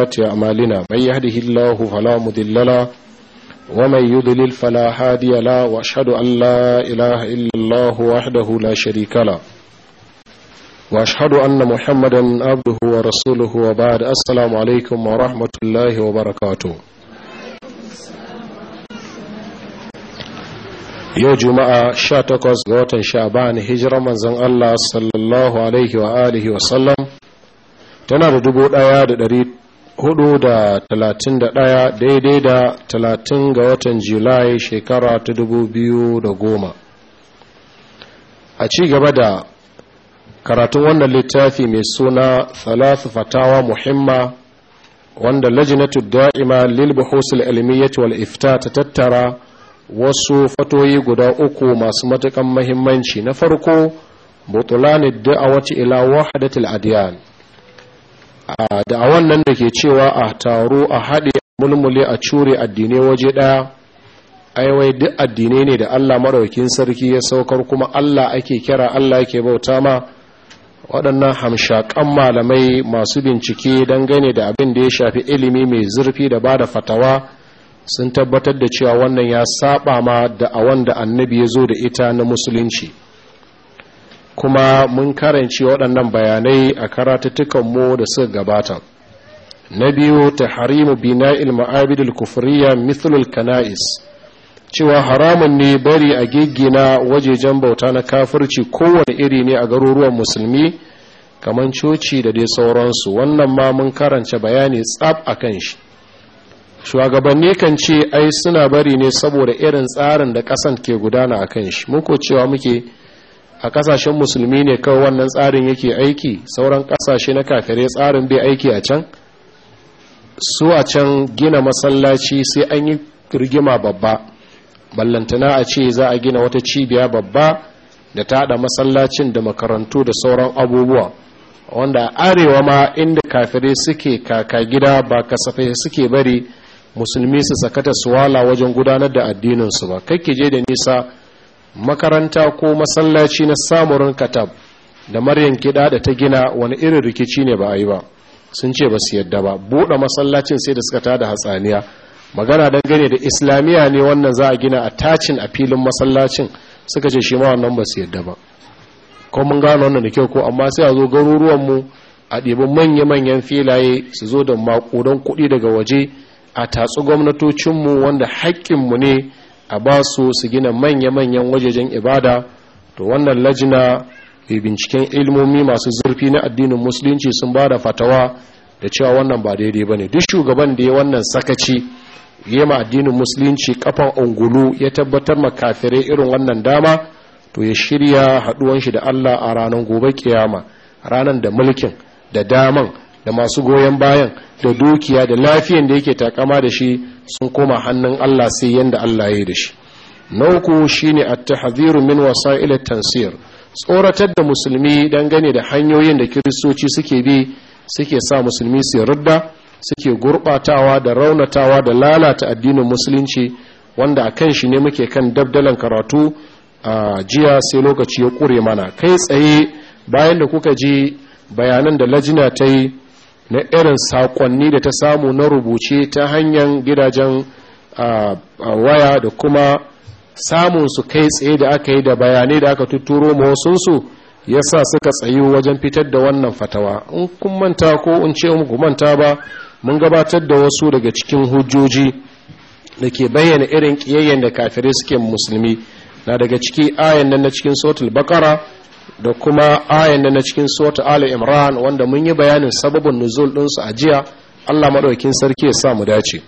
ومحدثات أعمالنا من يهده الله فلا مضل له ومن يضلل فلا هادي له وأشهد أن لا إله إلا الله وحده لا شريك له وأشهد أن محمدا عبده ورسوله وبعد السلام عليكم ورحمة الله وبركاته yau juma'a sha takwas ga watan sha'ban hijirar manzon Allah sallallahu alaihi wa alihi wa sallam tana da dubu ɗaya da ɗari hudu da talatin da ɗaya daidai da talatin ga watan julai shekara ta dubu biyu da goma a ci gaba da karatun wannan littafi mai suna salasu fatawa muhimma wanda lajinatu da'ima lil ilimi ilmiyyati wal ifta ta tattara wasu fatoyi guda uku masu matakan mahimmanci na farko butulani da'awati ila wahdatil adyan da wannan da ke cewa a taro a haɗe a mulmule a cure addinai waje ɗaya aiwai duk addinai ne da allah maraukin sarki ya saukar kuma allah ake kira allah ke bauta ma waɗannan hamshakan malamai masu bincike gane da abin da ya shafi ilimi mai zurfi da ba da fatawa sun tabbatar da cewa wannan ya saba ma da a wanda annabi ya zo da ita na musulunci kuma mun karanci waɗannan bayanai a karatattukanmu da suka gabata na biyu ta harimu bina'il ma'abidul kufuriya mithlul kana'is cewa haramun ne bari a giggina wajejen bauta na kafirci kowane iri ne a garuruwan musulmi kamar coci da dai sauransu wannan ma mun karanta bayani tsab a kan shi shugabanni kan ce ai suna bari ne saboda irin tsarin da ƙasan ke gudana a kan shi muku cewa muke a kasashen musulmi ne kawai wannan tsarin yake aiki sauran kasashe na kakare tsarin bai aiki a can su a can gina masallaci sai an yi rigima babba ballantana a ce za a gina wata cibiya babba da ta haɗa masallacin da makarantu da sauran abubuwa wanda arewa ma inda kafirai suke kaka gida ba kasafai suke bari musulmi su sakata suwala wajen gudanar da addininsu ba kai ke je da nisa makaranta ko masallaci na samurin katab da maryan kida da ta gina wani irin rikici ne ba a yi ba sun ce ba su yadda ba buɗe masallacin sai da suka tada hatsaniya magana dangane da islamiyya ne wannan za a gina a tacin a filin masallacin suka ce shi ma wannan ba su yadda ba ko mun gano wannan da kyau ko amma sai a zo garuruwanmu a ɗebi manya-manyan filaye su zo da maƙudan kuɗi daga waje a tatsu gwamnatocinmu wanda haƙƙinmu ne a ba su su gina manya-manyan wajejen ibada to wannan lajina mai eh, binciken ilmomi masu zurfi na addinin musulunci sun ba da fatawa da cewa wannan ba daidai ba ne duk shugaban da ya wannan sakaci ya ma addinin musulunci kafan ungulu ya tabbatar makafirai irin wannan dama to ya shirya haduwan shi da Allah a ranar gobe kiyama ranar da mulkin da daman da masu goyon bayan da dukiya da lafiyan da yake takama da shi sun koma hannun Allah sai yanda Allah ya yi da shi na uku shine a tahdhiru min wasa ila tansir tsoratar da musulmi dangane da hanyoyin da kiristoci suke bi suke sa musulmi su rudda suke gurbatawa da raunatawa da lalata addinin musulunci wanda a kan shi ne muke kan dabdalan karatu a jiya sai lokaci ya kure mana kai tsaye bayan da kuka ji bayanan da lajina ta yi na irin sakonni da ta samu na rubuce ta hanyar gidajen waya da kuma samun su kai tsaye da aka yi da bayanai da aka tuturo mawasunsu ya sa suka tsayu wajen fitar da wannan fatawa in kun manta ko in ce muku manta ba mun gabatar da wasu daga cikin hujjoji da ke bayyana irin ƙiyayyen da kafirai suke musulmi na daga ciki ayan nan na cikin sotul bakara da kuma ayan na cikin sota ali imran wanda mun yi bayanin sababin nuzul ɗinsu a jiya allah maɗaukin sarki ya sa mu dace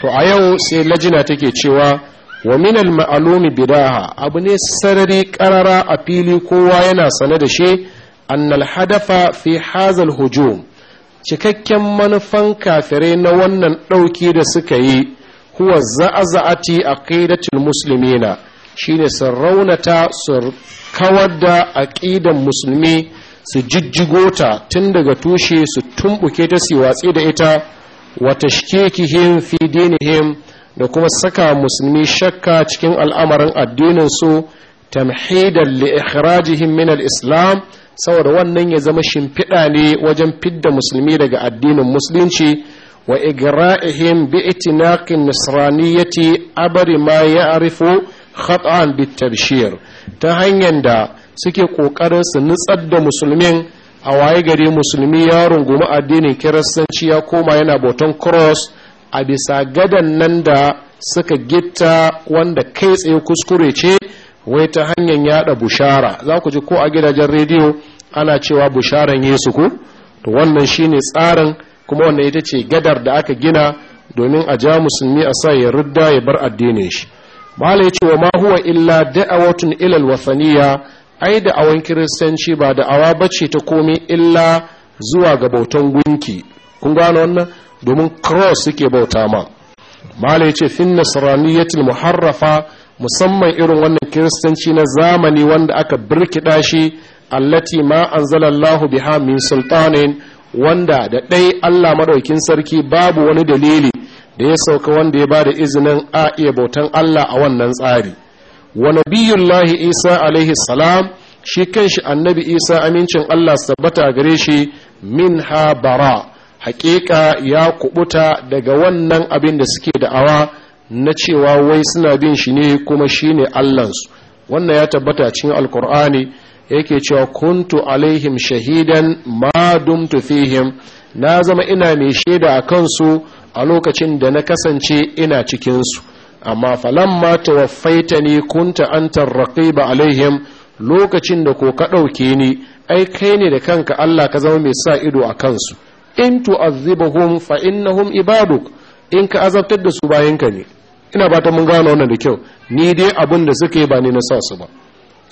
to a yau sai lajina take cewa wa minal ma'alumi bidaha abu ne sarari karara a fili kowa yana sane da shi annal hadafa fi hazal hujum cikakken manufan kafirai na wannan ɗauki da suka yi huwa za'aza'ati musulmi na. shine ne raunata su kawar da aƙidan musulmi su jijjigo ta tun daga tushe su tumbuke ta su watsi da ita wa tashkikihim fi da kuma saka musulmi shakka cikin al'amarin addininsu tamhidan li ikhrajihim min al-islam saboda wannan ya zama shimfiɗa ne wajen fidda musulmi daga addinin musulunci wa igra'ihim bi itinaqin nisraniyati abari ma ya'rifu khat'an bitarshir ta hanyar da suke kokarin su nutsar da musulmin a waye gari musulmi ya rungumi addinin kiristanci ya koma yana boton cross a bisa gadan nan da suka gitta wanda kai tsaye kuskure ce wai ta hanyar yada bushara za ku ji ko a gidajen rediyo ana cewa busharan yesu ku to wannan shine tsarin kuma wannan ita ce gadar da aka gina domin a ja musulmi a sa ya rudda ya bar addinin shi mala ya ce wa ma huwa illa da'awatun ilal wasaniya ai da awan kiristanci ba da da'awa bace ta komai illa zuwa ga bautan gunki kun gano wannan domin cross suke bauta ma mala ya ce fin nasraniyatil muharrafa musamman irin wannan kiristanci na zamani wanda aka birkida shi allati ma anzalallahu biha min sultanin wanda da ɗai Allah maɗaukin sarki babu wani dalili da ya sauka wanda ya ba da izinin a iya bautan Allah a wannan tsari wa lahi isa alaihi salam shi kanshi annabi isa amincin Allah sabbata gare shi min ha bara hakika ya kubuta daga wannan abin da suke da'awa na cewa wai suna bin shi ne kuma shi ne allansu wannan ya tabbata cikin alkur'ani yake cewa kuntu alaihim shahidan ma dumtu fihim na zama ina mai shaida a kansu a lokacin da na kasance ina cikinsu amma falamma tawaffaita ne kunta antar ba alaihim lokacin da ko ka ɗauke ni ai kai ne da kanka Allah ka zama mai sa ido a kansu in tu'azzibahum fa innahum ibaduk in ka azabtar da su bayanka ne ina fatan mun gano wannan da kyau ni dai abin da suka yi ba ni na sa su ba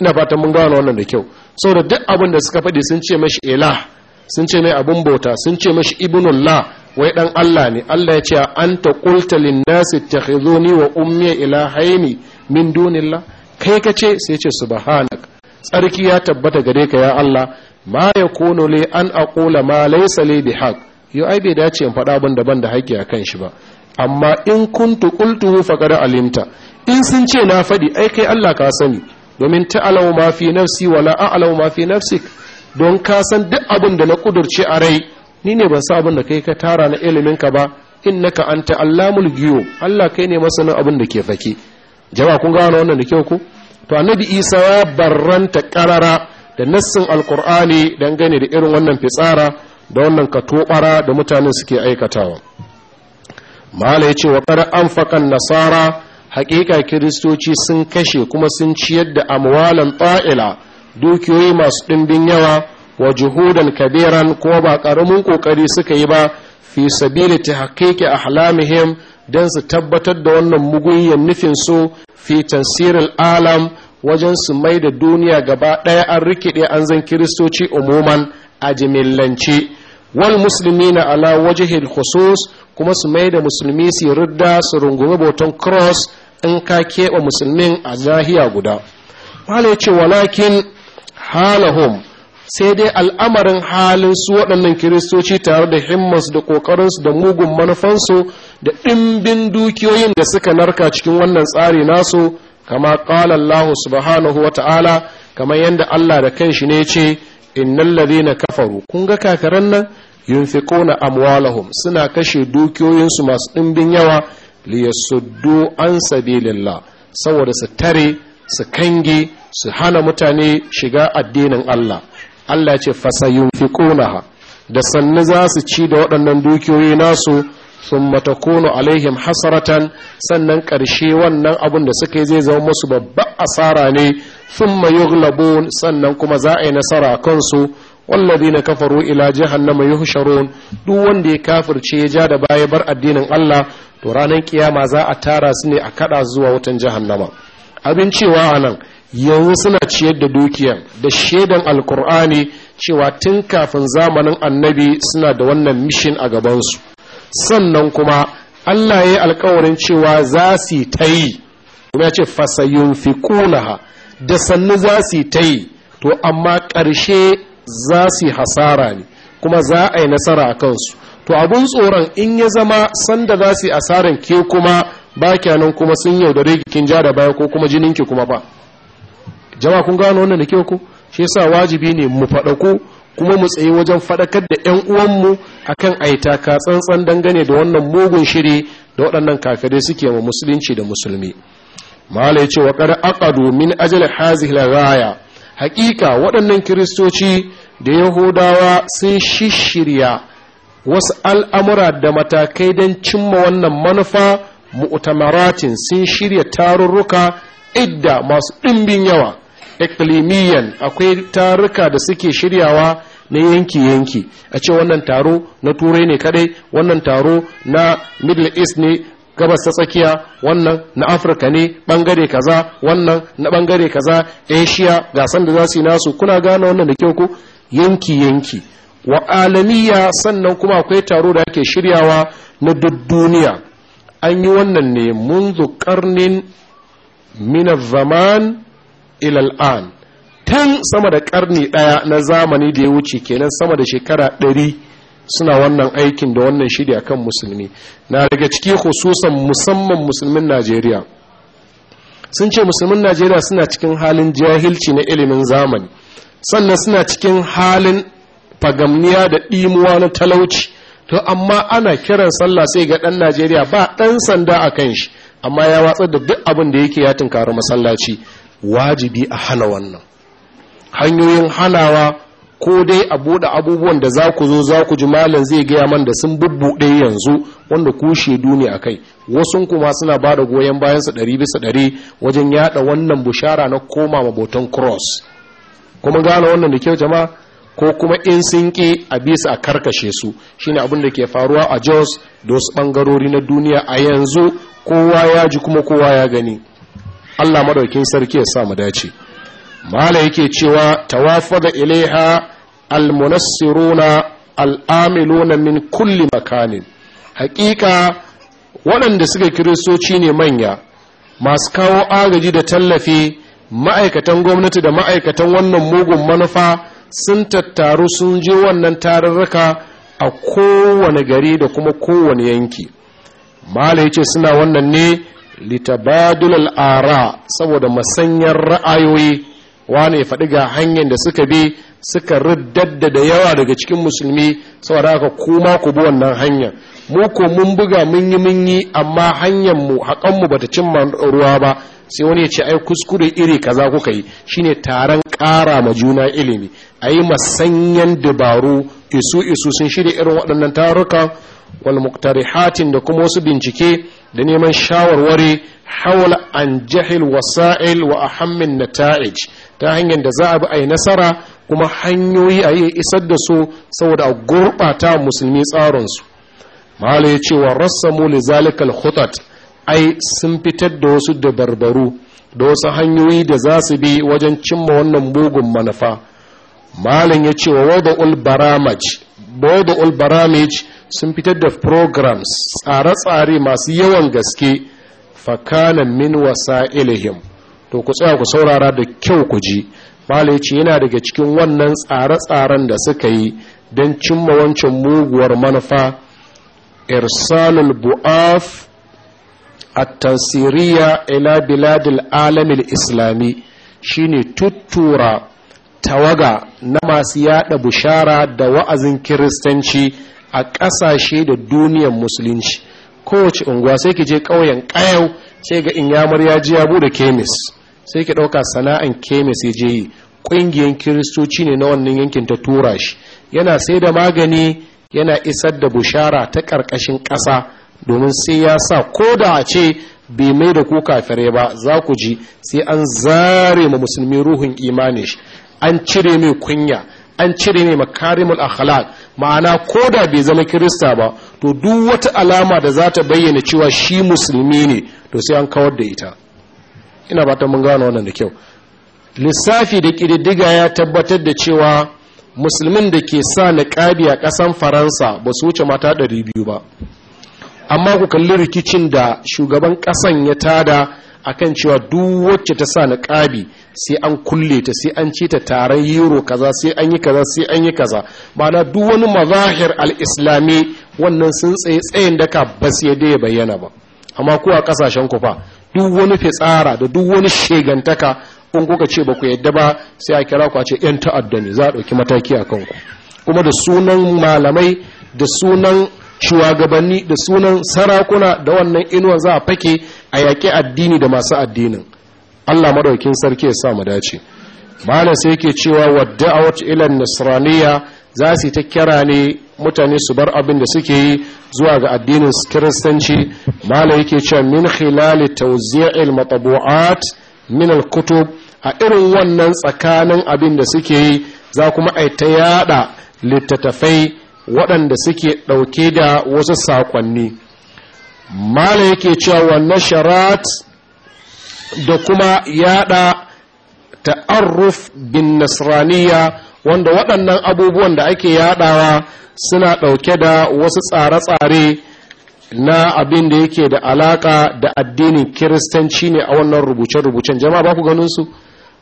ina fatan mun gano wannan da kyau saboda duk abin da suka faɗi sun ce mashi ilah sun ce mai abun bauta sun ce mashi ibnullah wai dan Allah ne Allah ya ce an ta qulta lin nasi takhizuni wa ummi ilahaini min dunillah kai ka ce sai ce subhanak tsarki ya tabbata gare ka ya Allah ma yakunu li an aqula ma laysa li bihaq yo ai bai dace in faɗa abin ban da haƙƙi akan shi ba amma in kuntu qultuhu faqad alimta in sun ce na faɗi ai kai Allah ka sani domin ta'alaw ma fi nafsi wala a'law ma fi nafsik don ka san duk abin da na kudurce a rai ni ne ban san abin da kai ka tara na ilimin ka ba an anta allamul giyo Allah kai ne masanin abin da ke fake jawa kun gano wannan da kyau ku? to annabi Isa ya barranta karara da nassin don dangane da irin wannan fitsara da wannan katobara da mutanen suke aikatawa mala yace wa qad anfaqan nasara haƙiƙa kiristoci sun kashe kuma sun ciyar da amwalan ta'ila dukiyoyi masu ɗimbin yawa wa juhudan kabiran kuma ba ƙaramin ƙoƙari suka yi ba fi sabili ta haƙiƙi ahlamihim don su tabbatar da wannan ya nufin su fi tansirin alam wajen su mai da duniya gaba ɗaya an rikide an zan kiristoci umuman a jimillanci. wal musulmi na ala wajihil khusus kuma su mai da musulmi su ridda su rungumi botan cross in ka keɓe musulmin a zahiya guda. Mala ce walakin halahum sai dai al'amarin halin su waɗannan kiristoci tare da himmas da ƙoƙarinsu da mugun manufansu da ɗimbin dukiyoyin da suka narka cikin wannan tsari nasu kama ƙala Allah subhanahu wa ta'ala kamar yadda Allah da kanshi ne ce innan na kafaru kun ga kakaran nan yunfiquna amwalahum suna kashe dukiyoyinsu masu ɗimbin yawa liyasuddu an sabilillah saboda su tare su kange su hana mutane shiga addinin Allah Allah ya ce fasayun fi ƙunaha da sannu za su ci da waɗannan dukiyoyi nasu sun matakonu alaihim hasaratan sannan ƙarshe wannan abin da suka yi zai zama musu babban asara ne sun mayu mayughlabun sannan kuma za a yi nasara a kansu wallazi na kafaru ila jahannama yuhsharun duk wanda ya kafirce ya ja da baya bar addinin Allah to ranar kiyama za a tara su ne a kada zuwa wutan nama. abin cewa nan yanzu suna ciyar da dukiya da shaidan alkur'ani cewa tun kafin zamanin annabi suna da wannan mishin a gabansu sannan kuma allah ya yi alkawarin cewa za su ta yi kuma ya ce fasayin fi da sannu za su ta yi to amma ƙarshe za su hasara ne kuma za a yi nasara a kansu to abun tsoron in ya zama sanda za su yi asaran ke kuma ba kyanan kuma sun yaudare kin ja da baya ko kuma jininki kuma ba jama'a kun gano wannan da kyau ko shi yasa wajibi ne mu faɗako kuma mu tsaye wajen faɗakar da ƴan uwanmu akan aita ka tsantsan dangane da wannan mugun shiri da waɗannan kakare suke wa musulunci da musulmi mala yace ce wa qad aqadu min ajal hazihi al-ghaya haqiqa waɗannan kiristoci da yahudawa sun shishirya wasu al'amura da matakai don cimma wannan manufa mu'tamaratin sun shirya tarurruka idda masu ɗimbin yawa iklimiyan akwai taruka da suke shiryawa na yanki-yanki a ce wannan taro na turai ne kadai wannan taro na middle east ne gabas ta tsakiya wannan na afirka ne bangare kaza wannan na bangare kaza asia gasan da za su yi nasu kuna gane wannan da kyau ku yanki-yanki wa alamiya sannan kuma akwai taro da ake shiryawa na duk duniya an yi wannan ne munzu karnin min zaman ilal an tun sama da karni daya na zamani da ya wuce kenan sama da shekara ɗari suna wannan aikin da wannan shiri akan musulmi na daga ciki hususan musamman musulmin najeriya sun ce musulmin najeriya suna cikin halin jahilci na ilimin zamani sannan suna cikin halin fagamniya da ɗimuwa na talauci to amma ana kiran sallah sai ga ɗan najeriya ba ɗan sanda a kan shi amma ya watsar da duk abin da yake ya tunkari masallaci wajibi a hana wannan hanyoyin hanawa ko dai a buɗe abubuwan da za ku zo za ku ji malam zai gaya man da sun bubbuɗe yanzu wanda ku shaidu ne a kai wasu kuma suna ba da goyon bayan su ɗari bisa ɗari wajen yaɗa wannan bushara na koma mabotan cross kuma gane wannan da kyau jama ko kuma in sun ƙi a bisa a karkashe su shine abin da ke faruwa a jos da wasu ɓangarori na duniya a yanzu kowa ya ji kuma kowa ya gani Allah madaukin sarki ya sa mu dace mala yake cewa tawafada ilaiha almunassiruna al'amiluna min kulli makanin hakika waɗanda suka kiristoci ne manya masu kawo agaji da tallafi ma'aikatan gwamnati da ma'aikatan wannan mugun manufa sun tattaru sun je wannan tarurruka a kowane gari da kuma kowane yanki mala ya ce suna wannan ne litabadul 'ara saboda masanyar ra'ayoyi wane faɗi ga hanyar da suka bi suka riddadda da yawa daga cikin musulmi saboda haka kuma ku bi wannan hanyar mu ko mun buga mun yi mun yi amma hanyar mu haƙan mu bata cimma ruwa ba sai wani ya ce ai kuskure iri kaza kuka yi shine taron ƙara ma juna ilimi ayi masanyan dabaru isu isu sun shirya irin waɗannan tarukan wal muqtarihatin da kuma wasu bincike da neman shawarwari haula an jahil wasa'il wa ahammin nata'ij ta hanyar da za a bi a yi nasara kuma hanyoyi a yi isar da su saboda a gurɓata musulmi tsarinsu mahala ya ce wa rassamu li zalikal khutat ai sun fitar da wasu dabarbaru da wasu hanyoyi da za su bi wajen cimma wannan mugun manufa malam ya ce wa ul baramaj ul baramaj sun fitar da programs tsare-tsare masu yawan gaske fakanan min wasa ilihim to ku tsaya ku saurara da kyau ku ji malai ce yana daga cikin wannan tsare-tsaren da suka yi don cimma wancan muguwar manufa irsalul bu'af a tansiriya ila biladil alamil islami shine tuttura tawaga na masu yada bushara da wa'azin kiristanci a ƙasashe da duniyar musulunci kowace unguwa sai ki je ƙauyen ƙayau sai ga inyamar ya ji ya bude kemis sai ki ɗauka sana'an kemis ya je yi ƙungiyar kiristoci ne na wannan yankin ta tura shi yana sai da magani yana isar da bushara ta ƙarƙashin ƙasa domin sai ya sa ko da a ce bai mai da ku kafirai ba za ku ji sai an zare ma musulmi ruhun imanin shi an cire mai kunya an cire mai makarimul akhlaq ma'ana ko da bai zama kirista ba to duk wata alama da za ta bayyana cewa shi musulmi ne to sai an kawar da ita ina ba ta mun gano wannan da kyau lissafi da ƙididdiga ya tabbatar da cewa musulmin da ke sa niƙabi a ƙasan faransa ba su wuce mata 200 ba amma ku kalli rikicin da shugaban ƙasan ya tada akan cewa duk wacce ta sa ƙabi sai an kulle ta sai an ci ta taron euro kaza sai an yi kaza sai an yi kaza ma'ana duk wani mazahir al-islami wannan sun tsaye tsayin daka ba sai dai ya bayyana ba amma ko a kasashen ku fa duk wani fitsara da duk wani shegantaka in kuka ce ba ku yadda ba sai a kira ku a ce yan ta'adda ne za a ɗauki mataki a kanku kuma da sunan malamai da sunan shugabanni da sunan sarakuna da wannan inuwar za a fake a yaƙi addini da masu addinin allah maɗaukin sarki ya sa mu dace Malam sai yake cewa wadda a wata ilan nasraniya za su ta kira ne mutane su bar abin da suke yi zuwa ga addinin kiristanci malam yake cewa min khilali tawzi'il matabu'at min al-kutub a irin wannan tsakanin abin da suke yi za kuma ai ta yada littattafai waɗanda suke ɗauke da wasu saƙonni mala yake cewa wannan sharat da kuma yada ta'arruf bin nasraniya wanda waɗannan abubuwan da ake yadawa suna ɗauke da wasu tsare-tsare na abin da yake da alaka da addinin kiristanci ne a wannan rubuce-rubucen jama'a ba ku ganin su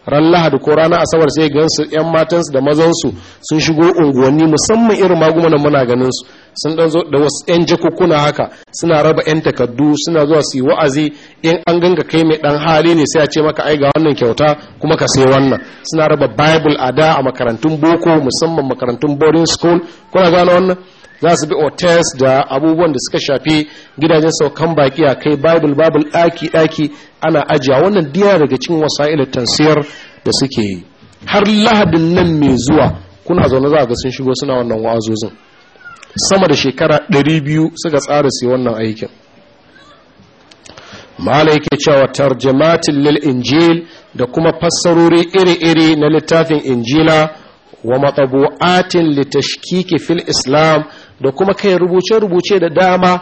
ran lahadi ko ranar asabar sai gansu yan matansu da mazansu sun shigo unguwanni musamman irin magumanan muna ganin su sun dan zo da wasu yan jakukuna haka suna raba yan takaddu suna zuwa su yi wa'azi in an ganga kai mai ɗan hali ne sai a ce maka ai ga wannan kyauta kuma ka sai wannan suna raba bible a da a makarantun boko musamman makarantun boarding school kuna gane wannan za su bi hotels da abubuwan da suka shafi gidajen saukan baki a kai bible bible ɗaki ɗaki ana ajiya wannan diya daga cikin wasa'ilar tansiyar da suke yi har lahadin nan mai zuwa kuna zaune za ga sun shigo suna wannan wa'azozin sama da shekara 200 suka tsara su wannan aikin mala yake cewa tarjamatin lil injil da kuma fassarori iri-iri na littafin injila wa matsabu'atin litashkiki fil islam da kuma kai rubuce-rubuce da dama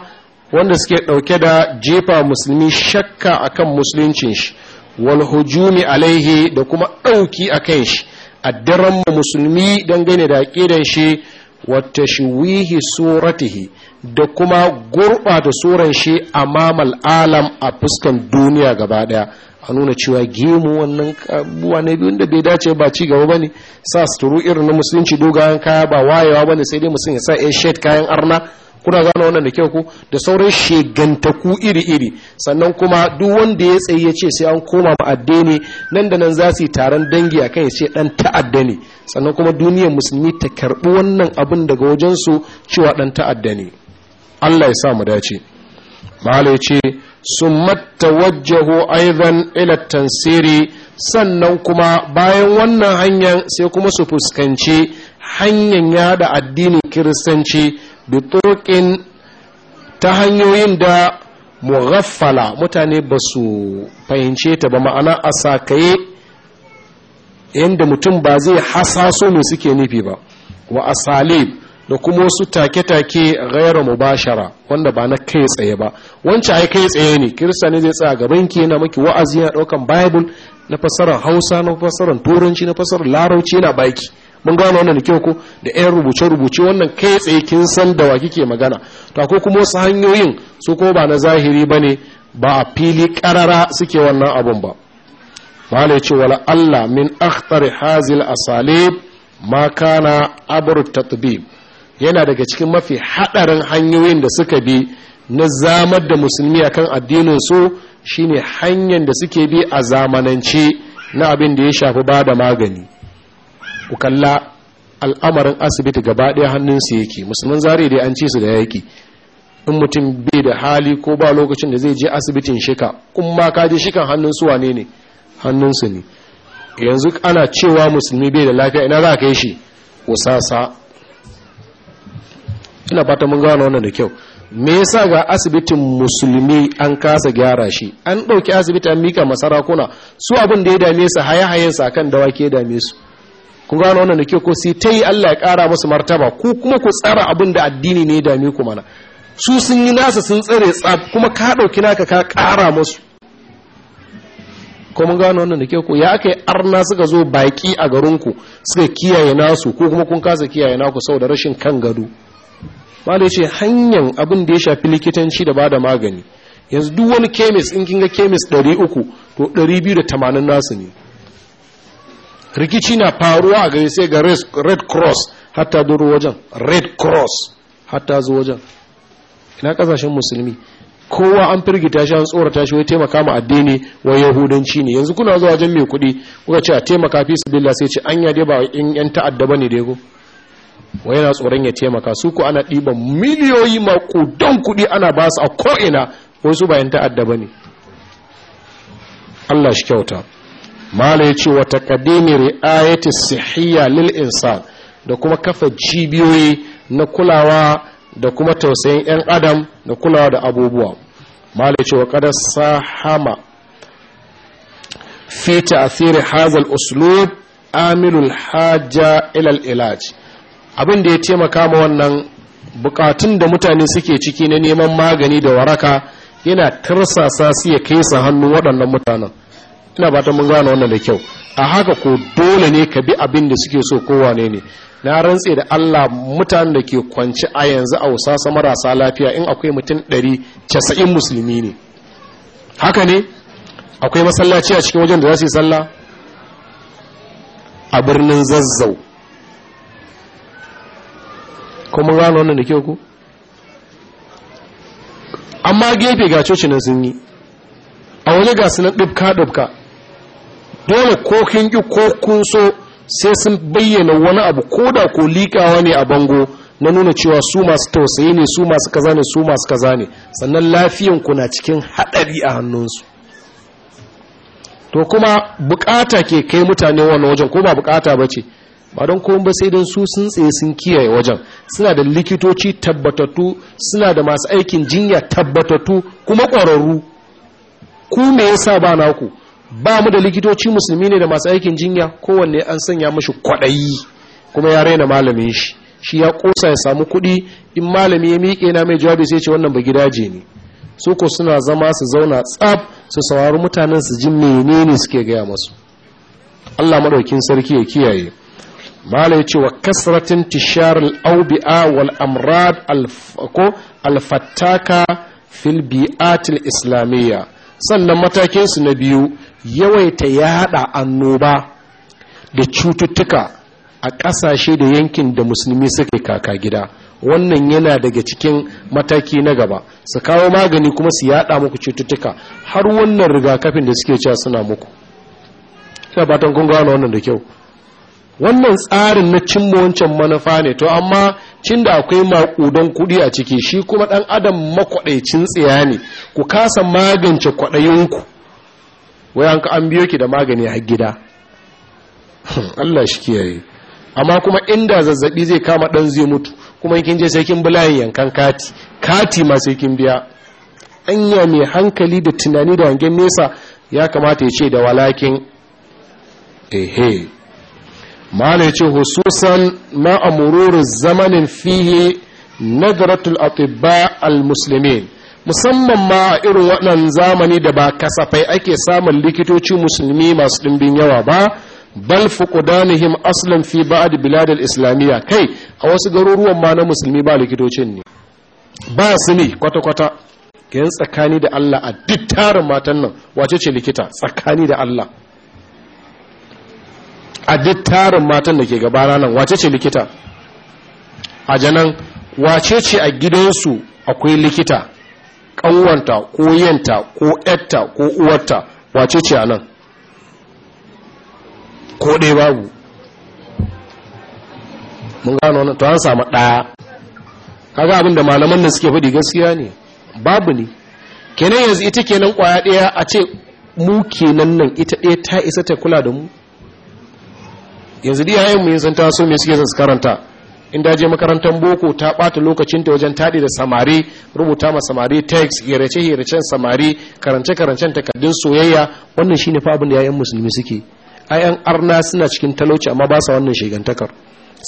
wanda suke ɗauke da jefa musulmi shakka akan musuluncin shi wal hujumi alaihi da kuma ɗauki a kan shi a daren addaran musulmi dangane da aƙidan shi wata shiwihi suratihi da kuma gurɓata suran shi a mamal alam a fuskan duniya gaba ɗaya a nuna cewa gemu wannan abubuwa ne biyun da bai dace ba ci gaba ne sa suturu irin na musulunci dogayen kaya ba wayewa ba ne sai dai musulun ya sa air shaid kayan arna kuna gano wannan da kyau ku da sauran shegantaku iri-iri sannan kuma duk wanda ya tsaye ya ce sai an koma ma addini nan da nan za su yi taron dangi a kan ya ce dan ta'adda ne sannan kuma duniyar musulmi ta karɓi wannan abin daga wajensu cewa dan ta'adda ne allah ya sa mu dace malai ce sun mattawajjahu aizan ila tansiri sannan kuma bayan wannan hanyar sai kuma su fuskanci hanyar yada addini kiristanci biturkin ta hanyoyin da mughaffala mutane ba su fahimce ta ba ma'ana a sakaye yadda mutum ba zai hasaso mai suke nufi ba wa asalib da kuma wasu take-take gaira mubashara wanda ba na kai tsaye ba wancan ai kai tsaye ne kirista ne zai tsaya gaban ki yana maki wa'azi yana daukan bible na fasarar hausa na fasarar turanci na fasarar larauci yana baki mun gano wannan kyau ko da yan rubuce-rubuce wannan kai tsaye kin san da wa kike magana to akwai kuma wasu hanyoyin su ko ba na zahiri ne ba a fili karara suke wannan abun ba malai ce wala Allah min akhtar hazil asalib ma kana abur tatbib yana daga cikin mafi hadarin hanyoyin da suka bi na zamar da musulmi a kan addinin su shine hanyar da suke bi a zamanance na abin da ya shafi ba da magani ku kalla al'amarin asibiti gaba ɗaya su yake musulman zare dai an ci su da yaki in mutum bai da hali ko ba lokacin da zai je asibitin shika kun ma ka je shikan hannun su wane ne hannunsu ne yanzu ana cewa musulmi bai da lafiya ina za ka yi shi wasasa ina fata mun gano wannan da kyau me yasa ga asibitin musulmi an kasa gyara shi an ɗauki asibiti an mika masarakuna su abin da ya dame su haye haye sa kan dawa ke dame su kun gano wannan da kyau ko sai ta yi Allah ya ƙara musu martaba ku kuma ku tsara abin da addini ne ya dame ku mana su sun yi nasa sun tsare tsab kuma ka ɗauki naka ka ƙara musu ko gano wannan da kyau ko ya aka arna suka zo baki a garinku suka kiyaye nasu ko kuma kun kasa kiyaye naku saboda rashin kan gado malai ce hanyar abin da ya shafi likitanci da ba da magani yanzu duk wani kemis in kinga kemis 300 to 280 nasu ne rikici na faruwa a gari sai ga red cross hatta duru wajen red cross hatta zuwa wajen ina kasashen musulmi kowa an firgita shi an tsorata shi wai taimaka ma addini wa yahudanci ne yanzu kuna zuwa wajen mai kuɗi kuka ce a taimaka fi su billa sai ce anya dai ba in yan ta'adda bane dai ko wai yana tsoron ya taimaka su ku ana ɗiba miliyoyi maƙudan kuɗi ana ba su a ko'ina su bayan ta'adda ba ne Allah shi kyauta mala ya ce wa taƙadimi ri'ayati sihiyya lil insan da kuma kafa jibiyoyi na kulawa da kuma tausayin 'yan adam da kulawa da abubuwa mala ya ce wa ƙadar sahama fi ta'athiri hazal uslub amilul haja ilal ilaji abin da ya taimaka ma wannan bukatun da mutane suke ciki na neman magani da waraka yana tarsasa su ya kai su hannun waɗannan mutanen ina ba ta mun gane wannan da kyau a haka ko dole ne ka bi abin da suke so kowane ne na rantse da Allah mutanen da ke kwanci a yanzu a wasasa marasa lafiya in akwai mutum 190 musulmi ne haka ne akwai masallaci a cikin wajen da za su yi sallah a birnin zazzau kuma gano wannan da kyau ku amma gefe ga coci na sun yi a wani ga sunan ɗubka ɗubka dole ko kin ƙi ko kun so sai sun bayyana wani abu ko da ko liƙawa ne a bango na nuna cewa su masu tausayi ne su masu kaza ne su masu kaza ne sannan lafiyanku na cikin haɗari a hannunsu to kuma bukata ke kai mutane wannan wajen ko ba bukata ba ce ba don komai ba sai don su sun tsaye sun kiyaye wajen suna da likitoci tabbatattu suna da masu aikin jinya tabbatattu kuma ƙwararru ku me yasa ba naku ba mu da likitoci musulmi ne da masu aikin jinya kowanne an sanya mashi kwaɗayi kuma ya raina malamin shi shi ya ƙosa ya samu kuɗi in malami ya miƙe na mai jawabi sai ce wannan ba gidaje ne su ko suna zama su zauna tsab su saurari mutanen su ji menene suke gaya masu Allah maɗaukin sarki ya kiyaye mala ya ce wa kasratin tishar al'aubi'a wal amrad alfattaka fil bi'atil islamiyya sannan matakinsu na biyu yawaita yada annoba da cututtuka a ƙasashe da yankin da musulmi suke kaka gida wannan yana daga cikin mataki na gaba su kawo magani kuma su yada muku cututtuka har wannan rigakafin da suke cewa suna muku ina fatan kun gano wannan da kyau wannan tsarin na cimma wancan manufa ne to amma cin da akwai maƙudan kuɗi a ciki shi kuma ɗan adam makwaɗaicin tsiya ne ku kasa magance kwaɗayinku wai an ka an biyo ki da magani a gida Allah shi kiyaye amma kuma inda zazzabi zai kama ɗan zai mutu kuma kin je sai kin bulayin yankan kati kati ma sai kin biya anya mai hankali da tunani da hangen nesa ya kamata ya ce da walakin ehe mala ce hususan ma a mururin zamanin fiye nadratul atibba al musulmin musamman ma a irin waɗannan zamani da ba kasafai ake samun likitoci musulmi masu ɗimbin yawa ba bal fuqdanihim aslan fi ba'd bilad al-islamiyya kai a wasu garuruwan ma na musulmi ba likitocin ne ba su ne kwata kwata kin tsakani da Allah a duk matan nan wace ce likita tsakani da Allah a duk tarin matan da ke gabana nan wace ce likita a janan wace ce a gidansu akwai likita ƙanwanta ko yanta ko yatta ko uwarta wace ce a nan ko ɗaya babu mun gano nan to an samu ɗaya kaga abin da malaman da suke faɗi gaskiya ne babu ne kenan yanzu ita kenan ƙwaya ɗaya a ce mu kenan nan ita ɗaya ta isa ta kula da mu yanzu dai yayin mu yin san taso me suke su karanta in da je makarantar boko ta bata lokacin ta wajen tadi da samari rubuta ma samari text yarace hiracen samari karance karancen takardun soyayya wannan shine fa abin da yayin musulmi suke ayan arna suna cikin talauci amma ba sa wannan shegantakar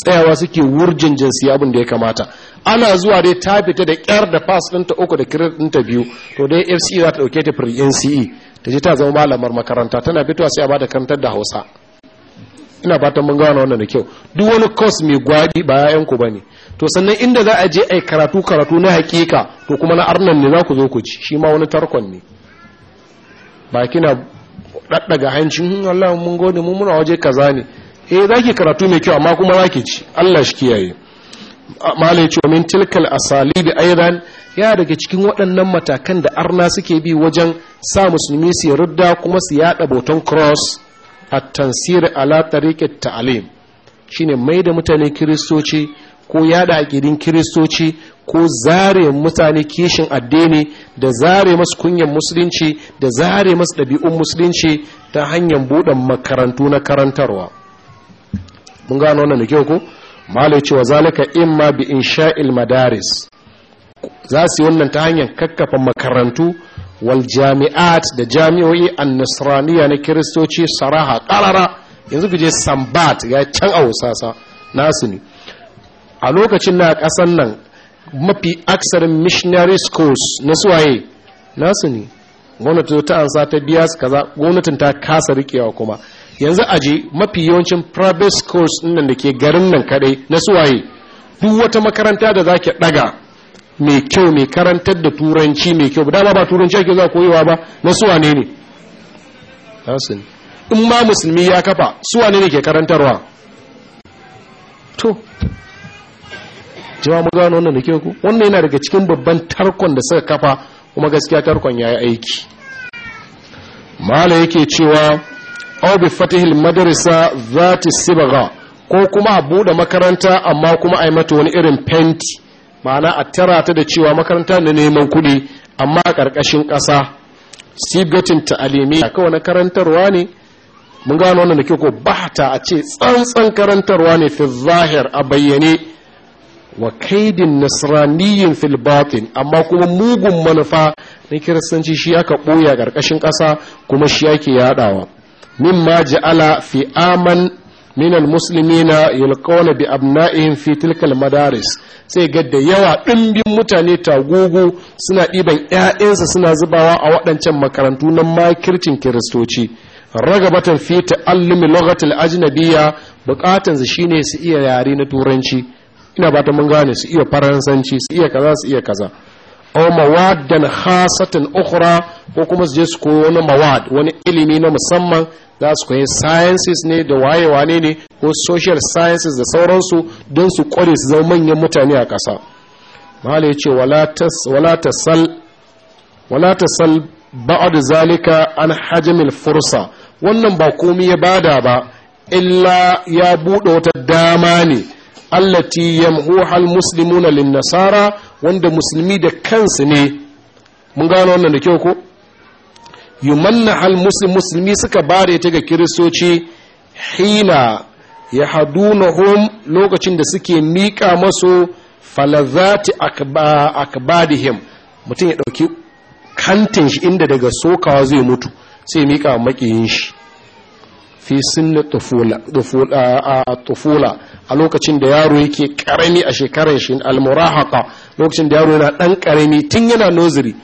tsayawa suke wurjin jinsi abin da ya kamata ana zuwa dai ta fita da kyar da pass ta uku da kirar ta biyu to dai fc za ta ɗauke ta pre nce ta je ta zama malamar makaranta tana fitowa sai a ba da karantar da hausa ina fatan mun gano wannan da kyau duk wani course mai gwadi ba ya ku bane to sannan inda za a je ai karatu karatu na hakika to kuma na arnan ne za ku zo ku ci shi ma wani tarkon ne ba kina daddaga hancin hmm, Allah mun gode mu muna waje kaza ne eh zaki karatu mai kyau amma kuma zaki ci Allah shi kiyaye malai ce min tilkal asalibi aidan ya daga cikin waɗannan matakan da arna suke bi wajen sa musulmi su rudda kuma su yada boton cross at-tansir ala tariqat ta'lim shine mai da mutane kiristoci ko yada akidin kiristoci ko zare mutane kishin addini da zare masu kunyan musulunci da zare masu ɗabi'un musulunci ta hanyar buɗe makarantu na karantarwa mun gano wannan da kyau ko malai cewa zalika ma bi insha'il madaris za su yi wannan ta hanyar kakkafa makarantu wal da jami'o'i an nasraniya na kiristoci saraha karara yanzu ku je sambat ya can a wasasa nasu ne a lokacin na kasan nan mafi aksarin missionary schools na suwaye nasu ne gwamnati ta ansa ta biya su kaza gwamnatin ta kasa rikewa kuma yanzu a aji mafi yawancin private schools nan da ke garin nan kaɗai na suwaye duk wata makaranta da zaki ɗaga. mai kyau mai karantar da turanci mai kyau dama ba turanci ake za koyewa ba na suwa ne in ma musulmi ya kafa suwa ne ke karantarwa to jama mu gano wannan da kyau ku wannan yana daga cikin babban tarkon da suka kafa kuma gaskiya tarkon ya yi aiki mala yake cewa au bi fatihil madrasa zati sibgha ko kuma a bude makaranta amma kuma a yi mata wani irin fenti ma'ana a tara ta da cewa makaranta na neman kuɗi amma a ƙarƙashin ƙasa sigatin ta'alimi a kawai na karantarwa ne mun gano wannan da ke ko ba ta a ce tsantsan karantarwa ne fi zahir a bayyane wa kaidin nasraniyin fil amma kuma mugun manufa na kiristanci shi aka ɓoya ƙarƙashin ƙasa kuma shi yake yaɗawa mimma ja'ala fi aman min almuslimina yulqawna bi abna'ihim fi tilkal madaris sai ga da yawa ɗimbin mutane tagugu suna ɗiban 'ya'yansa suna zubawa a waɗancan makarantu na makircin kiristoci ragabatan fi ta'allumi lughatil ajnabiyya bukatan su shine su iya yare na turanci ina ba ta mun gane su iya faransanci su iya kaza su iya kaza aw mawaddan khasatan ukhra ko kuma su je su koyo na mawad wani ilimi na musamman za su koyi sciences ne da wayewa ne ne ko social sciences da sauransu don su kware su zama manyan mutane a ƙasa mahalli ya ce wala ta sal ba'ad zalika an hajjamil fursa wannan ba komi ya bada ba illa ya buɗe wata dama ne allati yamhuha almuslimuna lin nasara wanda musulmi da kansu ne mun gano wannan da kyau ko yumanna al muslim musulmi suka bare ta ga kiristoci hina ya hadunahum lokacin da suke miƙa masu falazati akbadihim mutum ya ɗauki kantin shi inda daga sokawa zai mutu sai mika makiyin shi fi sinna tufula a lokacin da yaro yake karami a shekarar shi al-murraha al-murahaqa lokacin da yaro yana ɗan karami tun yana noziri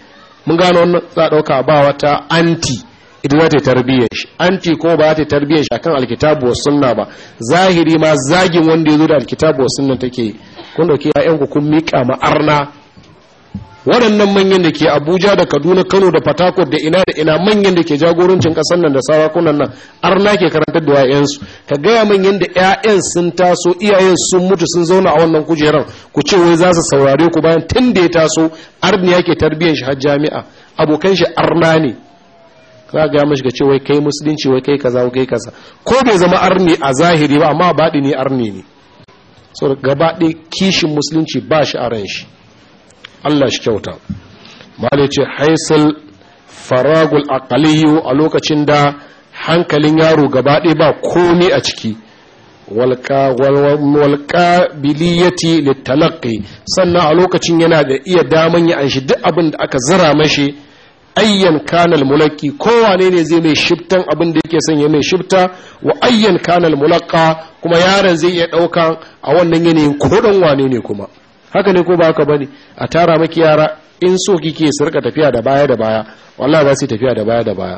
mun gano wannan za a ɗauka ba wata anti idan za ta yi tarbiyyar shi anti ko ba za ta yi tarbiyyar shi akan alkitabu wa sunna ba zahiri ma zagin wanda ya zo da alkitabu wa sunna take kun dauki yayan ku kun mika ma'arna. waɗannan manyan da ke abuja da kaduna kano da fatakot da ina da ina manyan da ke jagorancin ƙasar nan da sarakunan nan arna ke karantar da 'ya'yansu ka gaya manyan da 'ya'yan sun taso iyayen sun mutu sun zauna a wannan kujeran ku ce wai za su saurare ku bayan tun da ya taso arniya ke tarbiyyar shi har jami'a abokan shi arna ne za ga mashi ga ce wai kai musulunci wai kai kaza wai kai kaza ko bai zama arni a zahiri ba amma baɗi ne arni ne So gaba ɗaya kishin musulunci ba shi a ran shi Allah shi kyauta malai ce haisul faragul aqaliyu a lokacin da hankalin yaro gaba ɗaya ba komai a ciki walƙabiliyati littalaƙi sannan a lokacin yana da iya daman ya anshi duk abin da aka zira mashi ayyan kanal mulaki kowane ne zai mai shiftan abin da yake son ya mai shifta wa ayyan kanal mulaka kuma yaron zai iya ɗauka a wannan yanayin kodon wane ne kuma haka ne ko ba haka bane a tara maki yara in so kike su rika tafiya da baya da baya wallahi ba su tafiya da baya da baya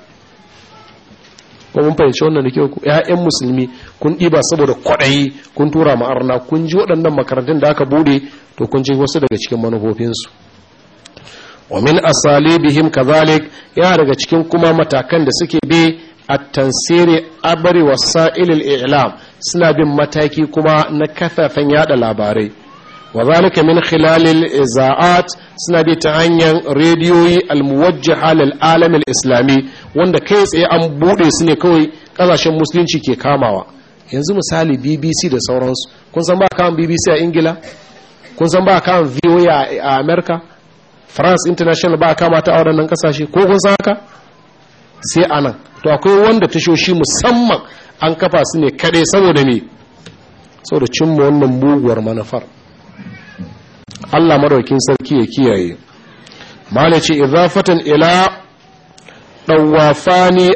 ko mun fahimci wannan da ku ƴaƴan musulmi kun ɗiba saboda kwaɗayi kun tura ma arna kun ji waɗannan makarantun da aka bude to kun ji wasu daga cikin manufofinsu wa min asalibihim kazalik yana daga cikin kuma matakan da suke bi at-tansiri abri wasailil i'lam suna bin mataki kuma na kafafen yada labarai wa zalika min khilal al-iza'at suna bi ta hanyar rediyoyi al-muwajjaha lil alam al-islami wanda kai tsaye an bude su ne kawai kasashen musulunci ke kamawa yanzu misali BBC da sauransu kun san ba kan BBC a Ingila kun san ba kan VOA a America France International ba kama ta a waɗannan kasashe ko kun san haka sai anan to akwai wanda tashoshi musamman an kafa su ne kade saboda me saboda cimma wannan muguwar manufar Allah madaukin sarki ya kiyaye malaci izafatan ila dawafani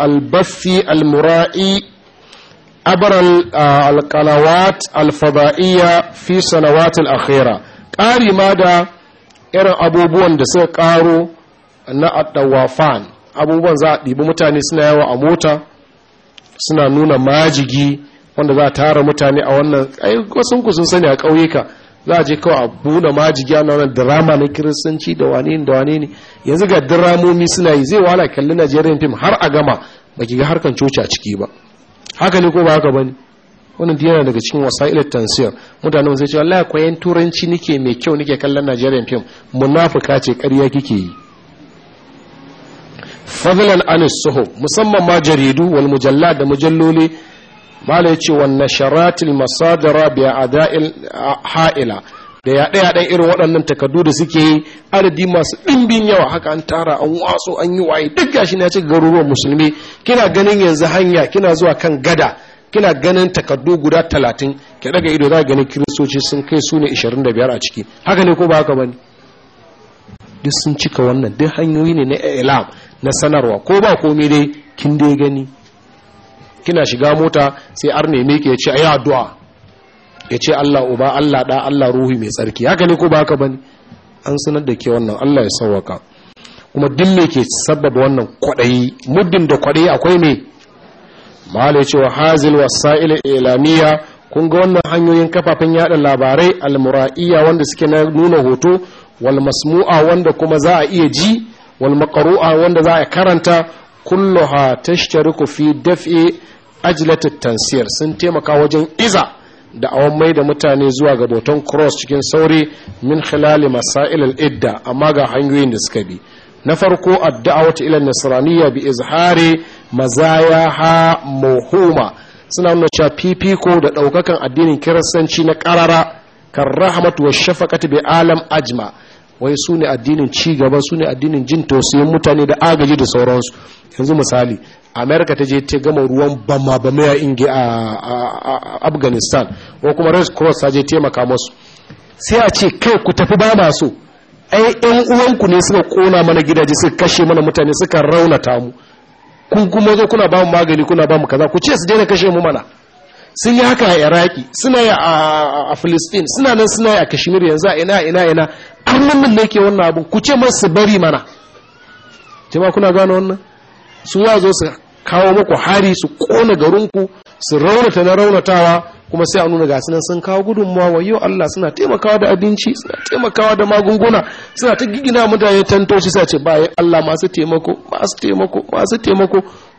albafi almura'i abar alqalawat alfada'iyya fi sanawat akhira ƙari ma da irin abubuwan da suka ƙaro na dawafan abubuwan za a ɗibi mutane suna yawa a mota suna nuna majigi wanda za a tara mutane a wannan ai wasu sun sani a ƙauyuka za a je kawai a buɗe majigi ana wani drama na kiristanci da wane da wane ne yanzu ga dramomi suna yi zai wala kalli najeriya fim har a gama ba ki ga harkan coci a ciki ba haka ne ko ba haka ba ne wannan yana daga cikin wasa wasailar tansiyar mutanen sai ce wallahi koyan turanci nike mai kyau nike kallon najeriya fim munafuka ce karya kike yi fadlan anis suhub musamman ma jaridu wal mujalla da mujalloli malai ce wannan sharatil masadara bi ada'il ha'ila da ya daya dan irin waɗannan takardu da suke yi adadi masu ɗimbin yawa haka an tara an waso an yi waye duk gashi na ci garuruwan musulmi kina ganin yanzu hanya kina zuwa kan gada kina ganin takardu guda talatin ke daga ido za ka ganin kiristoci sun kai su ne ishirin a ciki haka ne ko ba haka bane duk sun cika wannan duk hanyoyi ne na ilam na sanarwa ko ba komai dai kin dai gani kina shiga mota sai ar neme ki ya ce ayi addu'a yace ce Allah uba Allah da Allah ruhi mai tsarki haka ne ko ba haka bane an sanar da ke wannan Allah ya sauwaka kuma me ke sababa wannan kwadayi muddin da kwadayi akwai ne malai cewa hazil wasa'il ilamiya kun ga wannan hanyoyin kafafen yada labarai almura'iya wanda suke na nuna hoto wal masmu'a wanda kuma za a iya ji wal maqru'a wanda za a karanta kulluha tashtariku fi daf'i ajlatit tansir sun taimaka wajen iza da awon mai da mutane zuwa ga boton cross cikin sauri min khilali masail al-idda amma ga hanyoyin da suka bi na farko Addu'a wata ila nasraniyya bi izhari mazayaha muhuma suna nuna cewa fifiko da ɗaukakan addinin kiristanci na ƙarara kan rahmatu wa shafakati bi alam ajma' wai su ne addinin cigaba su ne addinin jin tausayin mutane da agaji da sauransu yanzu misali america ta je ta gama ruwan bama ba ya inge a afghanistan ko kuma red cross ta je taimaka masu sai a ce kai ku tafi ba masu ai yan uwanku ne suka kona mana gidaje suka kashe mana mutane suka raunata mu kun kuma zo kuna ba mu magani kuna ba mu kaza ku ce su daina kashe mu mana sun yi haka a iraki suna yi a filistin suna nan suna yi a kashmir yanzu a ina ina ina min ne ke wannan abin ku ce masu bari mana jama kuna gano wannan su ya zo su kawo maku hari su kona garinku su raunata na raunatawa kuma sai a nuna ga sunan sun kawo Wa yau Allah suna taimakawa da abinci suna taimakawa da magunguna suna ta gigina mutane tantoci sai ce bayan Allah masu taimako masu taimako masu taimako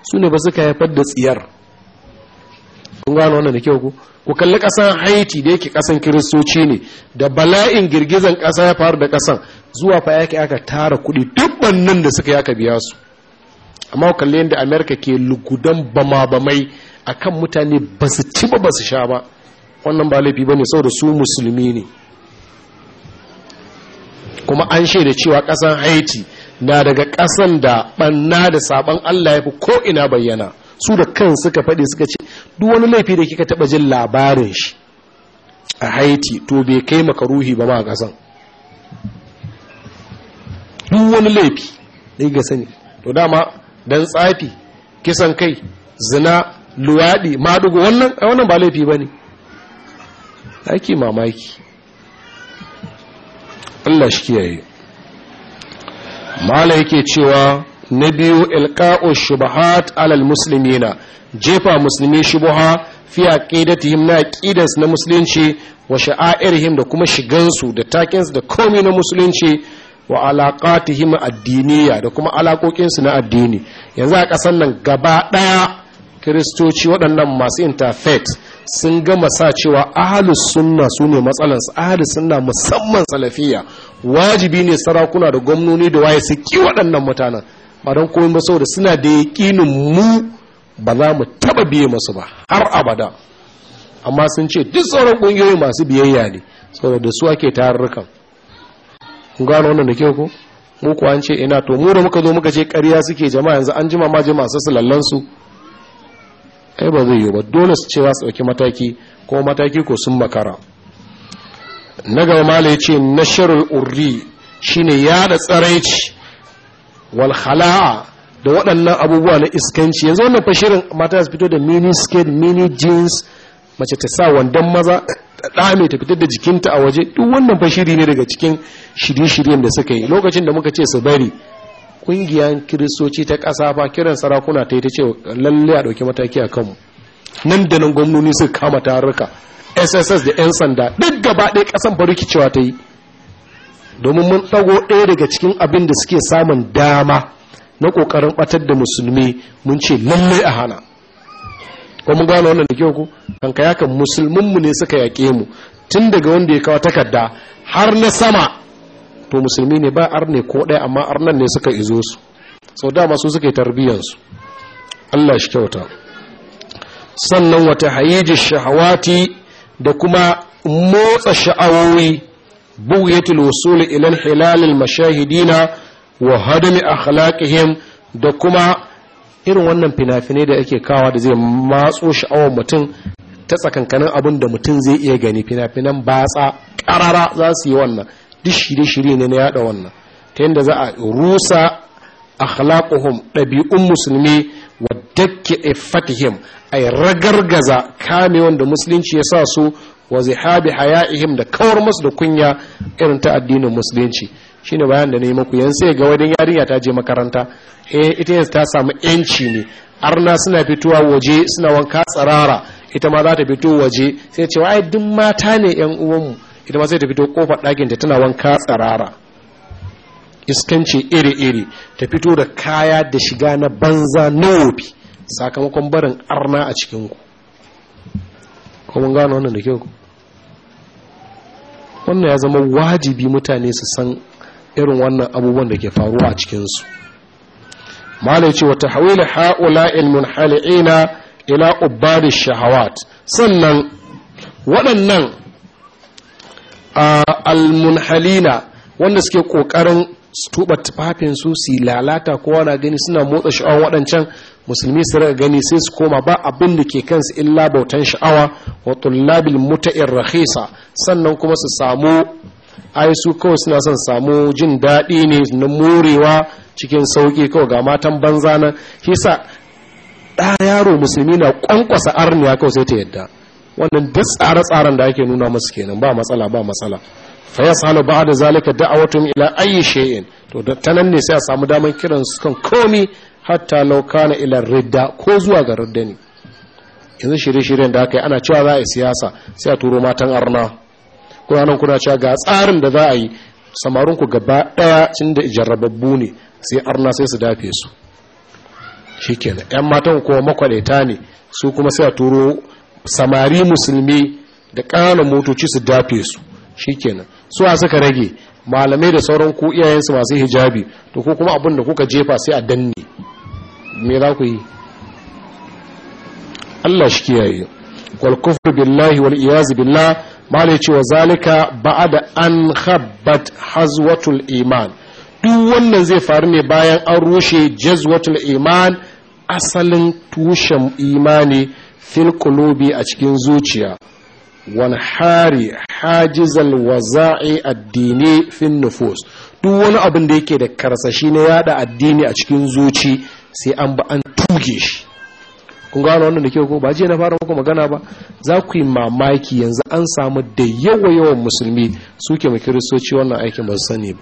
su ne ba suka haifar da tsiyar kun gano wannan da kyau ku ku kalli kasan haiti da yake kasan kiristoci ne da bala'in girgizan kasa ya faru da kasan zuwa fa yake aka tara kuɗi dubban nan da suka yaka biya su amma ku kalli yadda america ke lugudan bama-bamai akan mutane ba su ci ba ba su sha ba wannan ba laifi ba ne saboda su musulmi ne kuma an shaida cewa kasan haiti na daga kasan da banna da sabon allah ya fi ko ina bayyana su da kan suka faɗi suka ce duk wani laifi da kika taba jin labarin shi a haiti to bai kai maka ruhi ba ma kasan duk wani laifi da ga sani to dama dan tsafi kisan kai zina luwaɗi madugo wannan wannan ba laifi ba ne ake mamaki Allah shi kiyaye mala yake cewa na biyu ilqa'u shubahat alal muslimina jefa musulmi shubuha fi aqidatihim na aqidas na musulunci wa sha'airihim da kuma shigansu da takinsu da komi na musulunci wa alaqatihim addiniya da kuma alaƙoƙinsu na addini yanzu a ƙasar nan gaba ɗaya kiristoci waɗannan masu interfet sun gama sa cewa ahalus sunna su ne matsalansu ahalus sunna musamman salafiya wajibi ne sarakuna da gwamnoni da waye su ki waɗannan mutanen ba don komai masau saboda suna da yaƙinin mu ba za mu taɓa biye masu ba har abada amma sun ce duk sauran ƙungiyoyi masu biyayya ne saboda da su ake tarurrukan kun gano wannan da kyau ko mu an ce ina to mu da muka zo muka ce ƙarya suke jama'a yanzu an jima ma masu su sallallan su ai ba zai yi ba dole su ce za su ɗauki mataki ko mataki ko sun makara na gaba mala ya ce nasharul urri shine yada tsaraici Walhala da waɗannan abubuwa na iskanci yanzu wannan fashirin mata ya fito da mini skirt mini jeans mace ta sa wandon maza ɗame ta fitar da jikinta a waje duk wannan fashiri ne daga cikin shirye-shiryen da suka yi lokacin da muka ce su bari ƙungiyar kiristoci ta ƙasa ba kiran sarakuna ta yi ta ce lalle a ɗauki mataki a kanmu nan da nan gwamnoni suka kama tarurka sss da 'yan sanda duk gaba ɗaya ƙasan ba rikicewa ta yi domin mun ɗago ɗaya daga cikin abin da suke samun dama na ƙoƙarin ɓatar da musulmi mun ce lalle a hana ko mun gano wannan da kyau ku ka yakan musulminmu ne suka yaƙe mu tun daga wanda ya kawo takarda har na sama to musulmi ne ba ar ne ko ɗaya amma ar nan ne suka izo su sau dama su suka yi tarbiyyansu allah shi kyauta sannan wata hayiji shahawati da kuma motsa sha'awoyi بغية الوصول إلى al المشاهدين وهدم mashahidina wa hadami da kuma irin wannan fina-finai da ake kawa da zai matso sha'awar mutum ta tsakankanin abin da mutum zai iya gani fina-finan batsa karara za su yi wannan duk shirye-shirye ne na yada wannan ta yadda za a rusa akhlaquhum ɗabi'un musulmi wa dakke fatihim ay ragargaza kamewan da musulunci ya sa su wa zihabi haya'ihim da kawar musu da kunya irin ta addinin musulunci shine bayan da nayi yan yanzu ga wadin yarinya ta je makaranta eh, ita yanzu ta samu yanci ne arna suna fitowa waje suna wanka tsarara ita ma za ta fito waje sai cewa ai duk mata ne yan uwanmu ita ma sai ta fito kofar ɗakin ta tana wanka tsarara iskanci iri-iri ta fito da kaya da shiga na banza na wofi sakamakon barin arna a cikinku kuma gano wannan da kyau wannan ya zama wajibi mutane su san irin wannan abubuwan da ke faruwa a cikinsu malai ce wata hawila ha'ula ilmin hali'ina ila ubbadi shahawat sannan waɗannan almunhalina wanda suke ƙoƙarin su tuba tufafin su su lalata kowa na gani suna motsa sha'awar waɗancan musulmi su raga gani sai su koma ba abin da ke kansu illa bautan sha'awa wa tullabil muta'in rahisa sannan kuma su samu ai su kawai suna son samu jin daɗi ne na morewa cikin sauƙi kawai ga matan banza na. Hisa ɗa yaro musulmi na ƙwanƙwasa arniya kawai sai ta yadda wannan duk tsare-tsaren da ake nuna musu kenan ba matsala ba matsala fa ba ba'da zalika da'awatum ila ayi shay'in to ta nan ne sai a samu daman kiran su kan komi hatta law kana ila ridda ko zuwa ga ridda ne yanzu shirye-shiryen da aka yi ana cewa za a yi siyasa sai a turo matan arna ko nan kuna cewa ga tsarin da za a yi ku gaba daya cin da jarrababbu ne sai arna sai su dafe su shikenan 'yan matan ko makwaleta ne su kuma sai a turo samari musulmi da ƙananan motoci su dafe su shi suwa suka rage malamai da sauran ku iyayensu masu hijabi to ko kuma abin da kuka jefa sai a danne me za ku yi Allah shi kiyaye wal kufr billahi wal iyaz billah malai ce wa zalika ba'da an khabbat hazwatul iman duk wannan zai faru ne bayan an rushe jazwatul iman asalin tushen imani fil qulubi a cikin zuciya wanhari hajizal waza'i addini fin nufus duk wani abin da yake da karsashi na yada addini a cikin zuci sai an ba an tuge shi kun gano wannan da ke ko ba je na fara muku magana ba za ku yi mamaki yanzu an samu da yawa yawan musulmi suke mu kiristoci wannan aikin ba sani ba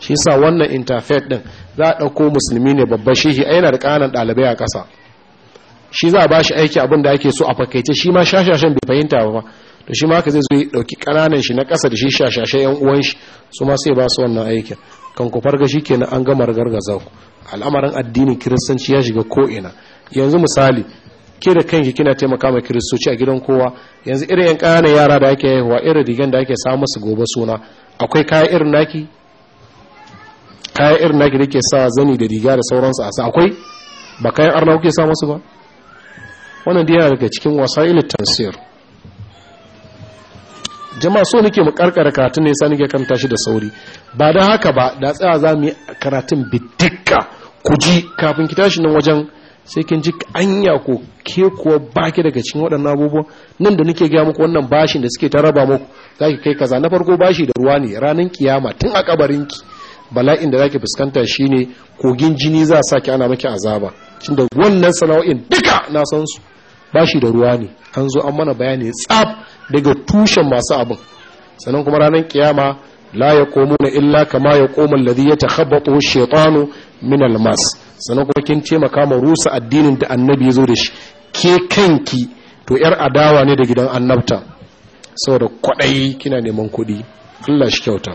shi yasa wannan interfaith din za a ɗauko musulmi ne babban shehi a yana da ƙananan ɗalibai a ƙasa shi za a ba shi aiki abin da ake so a fakaice shi ma shashashen bai fahimta ba to shi ma ka zai zo dauki kananan shi na kasa da shi shashashe yan uwan shi su ma sai ba su wannan aikin kan ku farga shi kenan an gama gargaza ku al'amarin addinin kiristanci ya shiga ko ina yanzu misali ke da kanki kina taimaka ma kiristoci a gidan kowa yanzu irin yan kananan yara da ake haihuwa irin rigan da ake samu su gobe suna akwai kaya irin naki kaya irin naki da ke sa zani da riga da sauransu a sa akwai ba kayan arna kuke sa musu ba wannan dai yana daga cikin wasailin tansir jama'a so nake mu karkara karatun ne yasa nake kan tashi da sauri ba da haka ba da tsaya za mu yi karatun bidikka ku ji kafin ki tashi nan wajen sai kin ji anya ko ke kuwa baki daga cikin waɗannan abubuwa nan da nake gaya muku wannan bashin da suke ta raba muku zaki kai kaza na farko bashi da ruwa ne ranar kiyama tun a kabarin ki bala'in da zaki fuskanta shine kogin jini za sa ki ana maki azaba shin da wannan sana'o'in duka na san su bashi da ruwa ne an zo an mana bayani tsaf daga tushen masu abin sannan kuma ranar kiyama la ya komo na illa kama ya koma ladi ya ta takhabbato shaitanu min almas sannan kuma kin ce makama rusa addinin da annabi ya zo da shi ke kanki to yar adawa ne da gidan annabta da kwaɗayi kina neman kuɗi Allah shi kyauta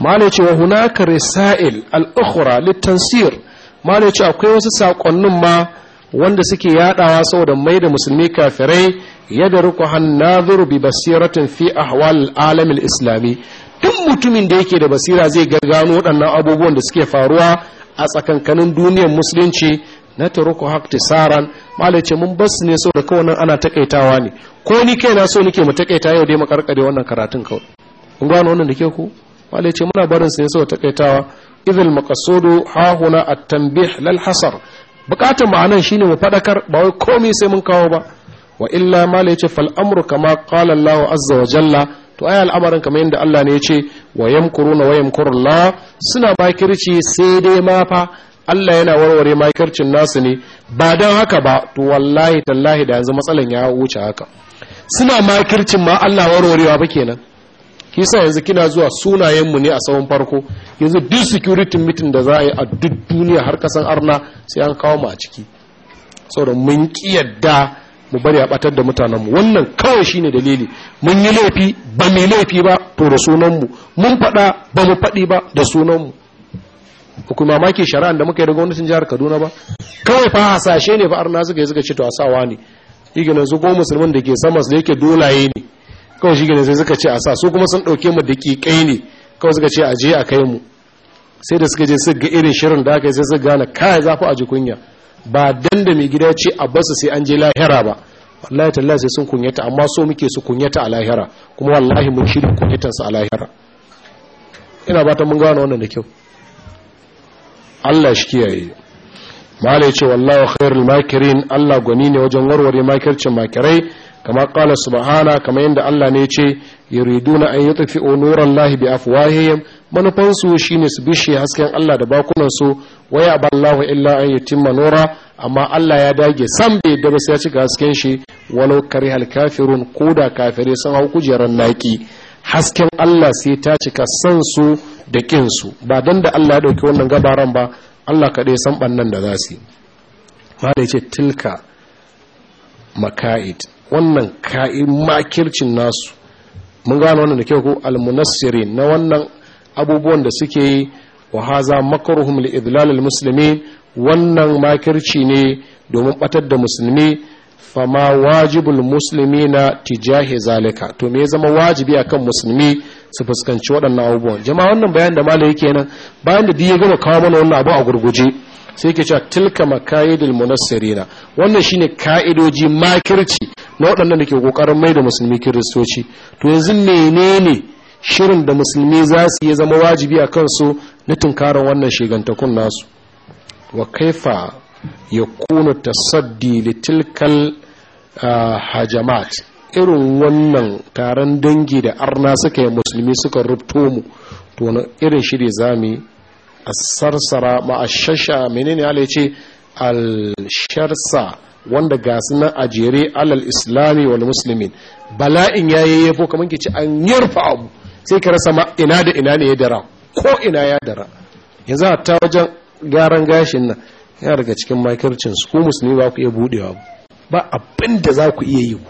mala ce wa hunaka risail al-ukhra litansir mala ce akwai wasu sakonnin ma wanda suke yadawa saboda mai da musulmi kafirai yadruku hannadhur bi basiratin fi ahwal alam islami duk mutumin da yake da basira zai ga gano waɗannan abubuwan da suke faruwa a tsakankanin duniyar musulunci na taruku haktisaran malai ce mun basu ne saboda kawai ana takaitawa ne ko ni kai na so nake mu takaita yau dai mu karkare wannan karatun kawai kun gano wannan da ke ku malai ce muna barin su ne saboda takaitawa idhal maqsudu ha huna at-tanbih lal hasar bukatun ma'anan shine mu fadakar ba wai komai sai mun kawo ba wa illa ma la yace fal amru kama qala Allahu azza wa jalla to ai al'amarin kamar yadda Allah ne yace wa yamkuruna wa yamkurullah suna bakirci sai dai ma fa Allah yana warware makircin nasu ne ba dan haka ba to wallahi tallahi da yanzu matsalan ya wuce haka suna makircin ma Allah warwarewa ba kenan kisa yanzu kina zuwa sunayenmu ne a tsawon farko yanzu duk security meeting da za a yi a duk duniya har kasan arna sai an kawo mu a ciki saboda mun ki yadda mu bari a batar da mutanenmu wannan kawai shine dalili mun yi laifi ba mai laifi ba to da sunanmu mun faɗa ba mu faɗi ba da sunanmu ba ku mamaki shari'a da muka yi da gwamnatin jihar kaduna ba kawai fa hasashe ne fa arna suka yi ce to a sawa ne iga na goma musulmin da ke sama su da yake dolaye ne kawai shi gane sai suka ce a sa su kuma sun ɗauke mu da ƙiƙai ne kawai suka ce a je a kai mu sai da suka je suka ga irin shirin da aka yi sai suka gane kai za a ji kunya ba dan mai gida ce a basu sai an je lahira ba wallahi tallahi sai sun kunyata amma so muke su kunyata a lahira kuma wallahi mun shirin kunyatar a lahira ina ba ta mun gano wannan da kyau Allah shi kiyaye mala ya ce khairul makirin Allah gwani ne wajen warware makircin makirai kama kala subhana kama yadda Allah ne ce yuriduna an yutfi'u nurallahi bi afwahihim manufansu shine su bishe hasken Allah da bakunan su waya ballahu illa an yutimma nura amma Allah ya dage san bai yadda ba sai ya ci hasken shi walau karihal ko da kafirai sun hau kujerar naki hasken Allah sai ta cika san su da kin ba dan da Allah ya dauki wannan gabaran ba Allah kaɗai san bannan da za su mala ce tilka maka'id wannan ka'i makircin nasu mun gane wannan da kyau ko almunassiri na wannan abubuwan da suke yi wa haza makaruhum li idlalil muslimin wannan makirci ne domin batar da musulmi fama wajibul musulmi na tijahi zalika to me zama wajibi akan musulmi su fuskanci waɗannan abubuwan jama'a wannan bayan da malai kenan bayan da ya gama kawo mana wannan abu a gurguje sai ke cewa tilka makayidul munassirina wannan shine ka'idoji makirci na waɗannan da ke kokarin mai da musulmi kiristoci to yanzu menene shirin da musulmi za su yi zama wajibi a kansu na tunkarar wannan shigantakun nasu wa kaifa ya kuna tasaddi litilkal ah, hajamat irin wannan taron dangi da arna suka yi musulmi suka rubto mu to wani irin shiri za mu a sarsara ma a shasha menene ala ce alsharsa wanda ga na a alal islami wal musulmin bala'in ya yayyafo kamar ke ci an yarfa abu sai ka rasa ma ina da ina ne ya dara ko ina ya dara yanzu a ta wajen gyaran gashin nan yana daga cikin makircin su ko musulmi ba ku iya budewa ba abin da za ku iya yi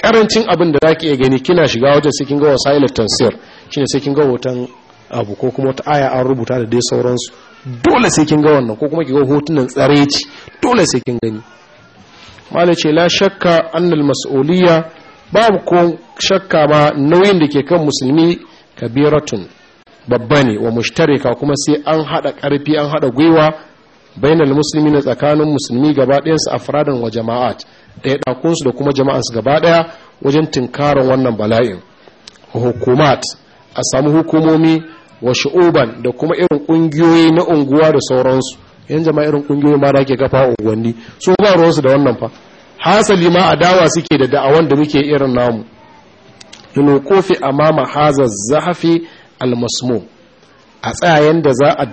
karancin abin da za ki iya gani kina shiga wajen sai kin ga wasailat tansir shine sai kin ga abu ko kuma wata aya an rubuta da dai sauransu dole sai kin ga wannan ko kuma ki ga hotunan tsareci dole sai kin gani malai ce la shakka annal mas'uliyya babu ko shakka ba nauyin da ke kan musulmi kabiratun babba ne wa mushtarika kuma sai an hada karfi an hada gwiwa bainal musulmi na tsakanin musulmi gaba a afradan wa jama'at ɗaya ɗakunsu da kuma jama'ansu gaba ɗaya wajen tunkarin wannan bala'in hukumat a samu hukumomi wa shu'uban da kuma irin ƙungiyoyi na unguwa da sauransu yan jama'a irin ƙungiyoyi ma da ake kafa unguwanni so ba ruwansu da wannan fa hasali ma a dawa suke da da'awan da muke irin namu a amama hazar zahafi almasmu a tsayayen da za a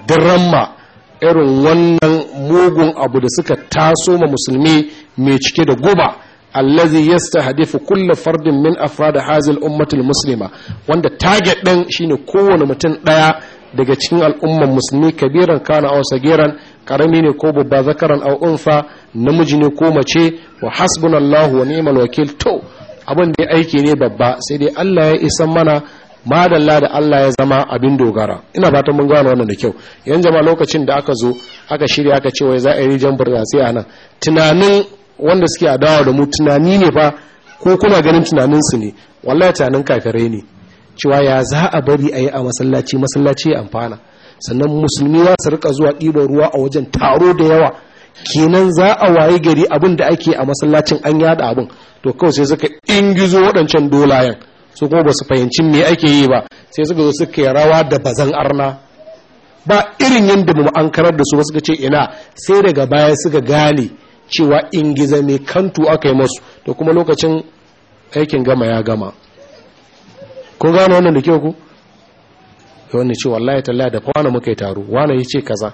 ma irin wannan mugun abu da suka taso ma musulmi mai cike da guba allazi hadifu kulla fardin min da hazil ummatil muslima wanda target din shine kowane mutum daya daga cikin al'umman musulmi kabiran kana aw sagiran karami ne ko babba zakaran aw unfa namiji ne ko mace wa hasbunallahu wa ni'mal wakil to abin da aiki ne babba sai dai Allah ya isa mana madalla da Allah ya zama abin dogara ina fatan mun gano wannan da kyau yan jama'a lokacin da aka zo aka shirya aka ce wai za a yi rijan sai a nan tunanin wanda suke adawa da mu tunani ne fa ko kuna ganin tunaninsu ne wallahi tunanin kakare ne cewa ya za a bari a yi a masallaci masallaci ya amfana sannan musulmi za su rika zuwa ɗiban ruwa a wajen taro da yawa kenan za a waye gari abin da ake a masallacin an yada abin to kawai sai suka ingizo waɗancan dolayen su kuma ba su fahimci me ake yi ba sai suka zo suka yi rawa da bazan arna ba irin yadda mu an karar da su ba suka ce ina sai daga baya suka gane cewa ingiza mai kantu aka yi masu to kuma lokacin aikin gama ya gama ko gane wannan da kyau ku wani ce wallahi talla da kwana muka yi taro wani ya ce kaza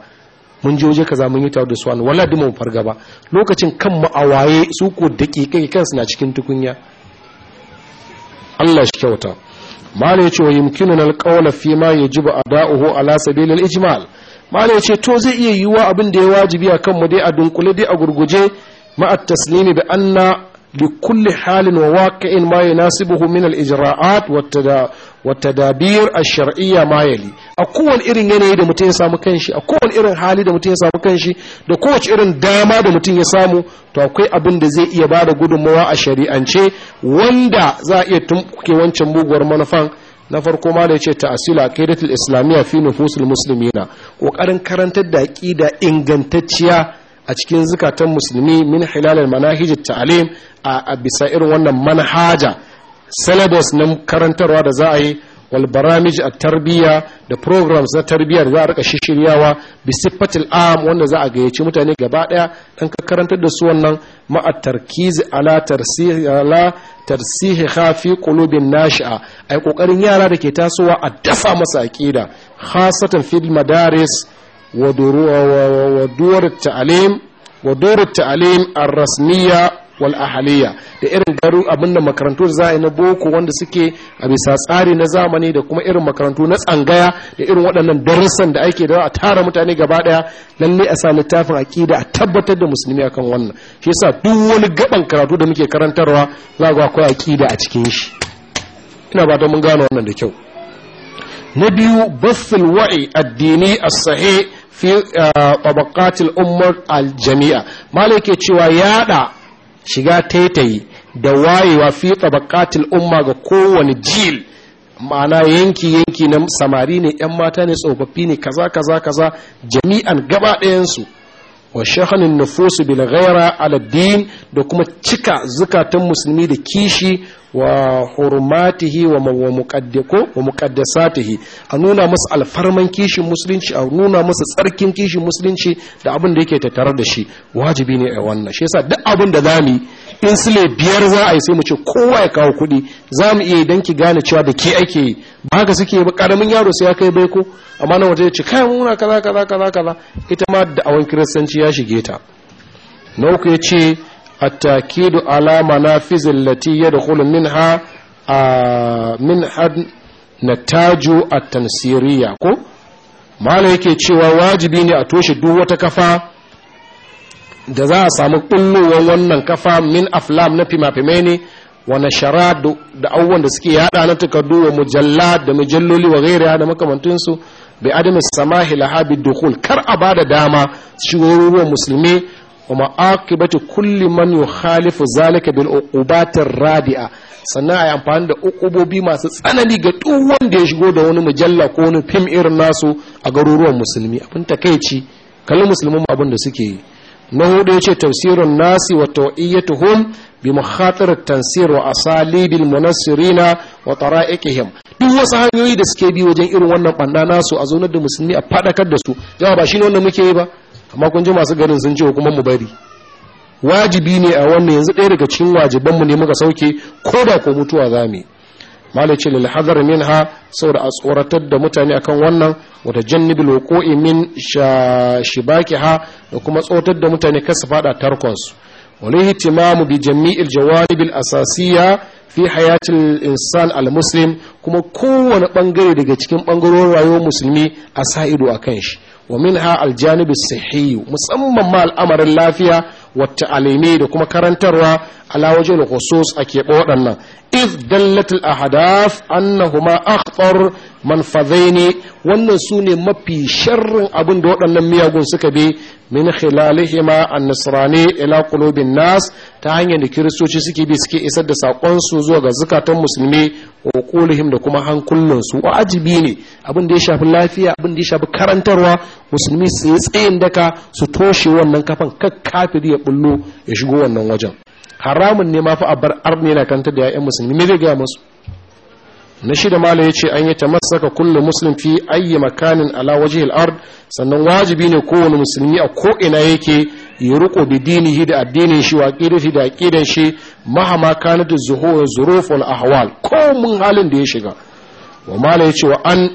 mun je waje kaza mun yi taro da su wani wallahi dima farga ba lokacin kan maawaye a waye su ke kai kansu na cikin tukunya Allah shi kyauta ya ce wa yumkinu na alkawala fi ma a ada'uhu ala ijimal? ijmal ya ce to zai iya yiwuwa abin da ya wajibi a kanmu dai a dunkule dai a gurguje ma'a taslimi bi anna لكل حال وواقع ما يناسبه من الإجراءات والتدا... والتدابير الشرعية ما يلي أكون إرن ينهي دا متين سامو كنشي أكون إرن حالي دا متين سامو كنشي دا كوش إرن داما دا متين يسامو تو أكوي أبن دا زي إيبادة قدو موا أشري أنشي واندا زا تم كي وانشا موغور منفان نفر كوما ma da ya ce ta'asil aqidatul islamiyya fi nufusul muslimina kokarin karantar da aqida a cikin zukatan musulmi min hilalal manahijit ta'alim a bisa irin wannan manhaja syllabus na karantarwa da za a yi wal baramij tarbiyya da programs na tarbiyya da za a rika shishiryawa bi sifatil am wanda za a gayyaci mutane gaba daya dan ka karantar da su wannan ma at tarkiz ala tarsih ala tarsih khafi qulubin nashi'a ai kokarin yara da ke tasowa a dafa masa aqida khasatan fil madaris ودور التعليم ودور التعليم الرسمية والأهلية da irin garu abinda makarantu za a yi na boko wanda suke a bisa tsari na zamani da kuma irin makarantu na tsangaya da irin waɗannan darussan da ake da a tara mutane gaba ɗaya lalle a sa littafin aƙida a tabbatar da musulmi akan wannan shi yasa duk wani gaban karatu da muke karantarwa za ga akwai aƙida a cikin shi ina ba ta mun gane wannan da kyau na biyu basil wa'i addini as-sahih fi eh, tabaqatil ummar aljami'a malai ke cewa yada shiga taitayi da wayewa fi tabaqatil umma ga kowane jil ma'ana yanki yanki na samari ne yan mata ne tsofaffi ne kaza kaza kaza jami'an gaba ɗayan su wa nufusu bil ghaira ala din da kuma cika zukatan musulmi da kishi wa hurmatihi wa wa muqaddasatihi a nuna musu alfarman kishin musulunci a nuna musu tsarkin kishin musulunci da abin da yake tattare da shi wajibi ne a wannan shi yasa duk abin da zamu in sule biyar za a yi sai mu ce kowa ya kawo kuɗi za mu iya idan ki gane cewa da ke ake yi ba haka suke ba karamin yaro sai ya kai bai baiko amma na waje ya ce kai muna kaza kaza kaza kaza ita ma da awon kiristanci ya shige ta na uku ya ce attakidu ala da allati min ha a min had tajo a tansiriya ko mala yake cewa wajibi ne a toshe duk wata kafa da za a samu kullowar wannan kafa min aflam na fima fimafimai ne wane shara da abubuwan da suke yada na takardu wa mujalla da mujalloli wa gaira da makamantinsu bai adami samahi lahabi dukul kar a ba da dama ruwan musulmi wa ma'aqibati kulli man yukhalifu zalika bil ubatar radi'a sannan a yi amfani da uqubobi masu tsanani ga duk wanda ya shigo da wani mujalla ko wani fim irin nasu a garuruwan musulmi abin takaici kallon musulmin abin da suke yi na hudu ya ce tafsirun nasi wa tawiyyatuhum bi mukhatarat tansir wa asali bil munassirina wa tara'iqihim duk wasu hanyoyi da suke bi wajen irin wannan banda nasu a zonar da musulmi a fadakar da su yawa ba shine wannan muke yi ba amma kun ji masu garin sun ce kuma mu bari wajibi ne a wannan yanzu ɗaya daga cikin mu ne muka sauke ko da ko mutuwa za mu yi ce lil hadar minha saboda a tsoratar da mutane akan wannan wata jannibul wuqu'i min shibakiha da kuma tsotar da mutane kasa su fada tarkonsu wal hitimamu bi jami'il jawanibil asasiya fi hayatin insan al muslim kuma kowane bangare daga cikin bangarorin rayuwar musulmi a sa ido kan shi wa minha ha aljanibin sihhi musamman ma al'amarin lafiya wata alimi da kuma karantarwa ala wajen khusus a keɓe waɗannan iz dallatul ahadaf annahuma akhtar ne wannan su ne mafi sharrin abin da waɗannan miyagun suka bi min khilalihima an-nasrani nas ta hanyar da kiristoci suke bi suke isar da sakon zuwa ga zakatan musulmi wa da kuma hankulan su ajibi ne abin ya shafi lafiya abinda ya shafi karantarwa musulmi su yi tsayin daka su toshe wannan kafan kakkafiri ya bullo ya shigo wannan wajen haramun ne ma fa a bar arni na kanta da ya'yan musulmi me zai gaya musu na shida mala yace an yi tamassaka kullu muslim fi ayyi makanin ala wajhil ard sannan wajibi ne kowane musulmi a ko ina yake ya riko bi dinihi da addinin shi wa qidati da aqidan shi mahama kanat zuhur zuruf wal ahwal ko mun halin da ya shiga wa ya yace wa an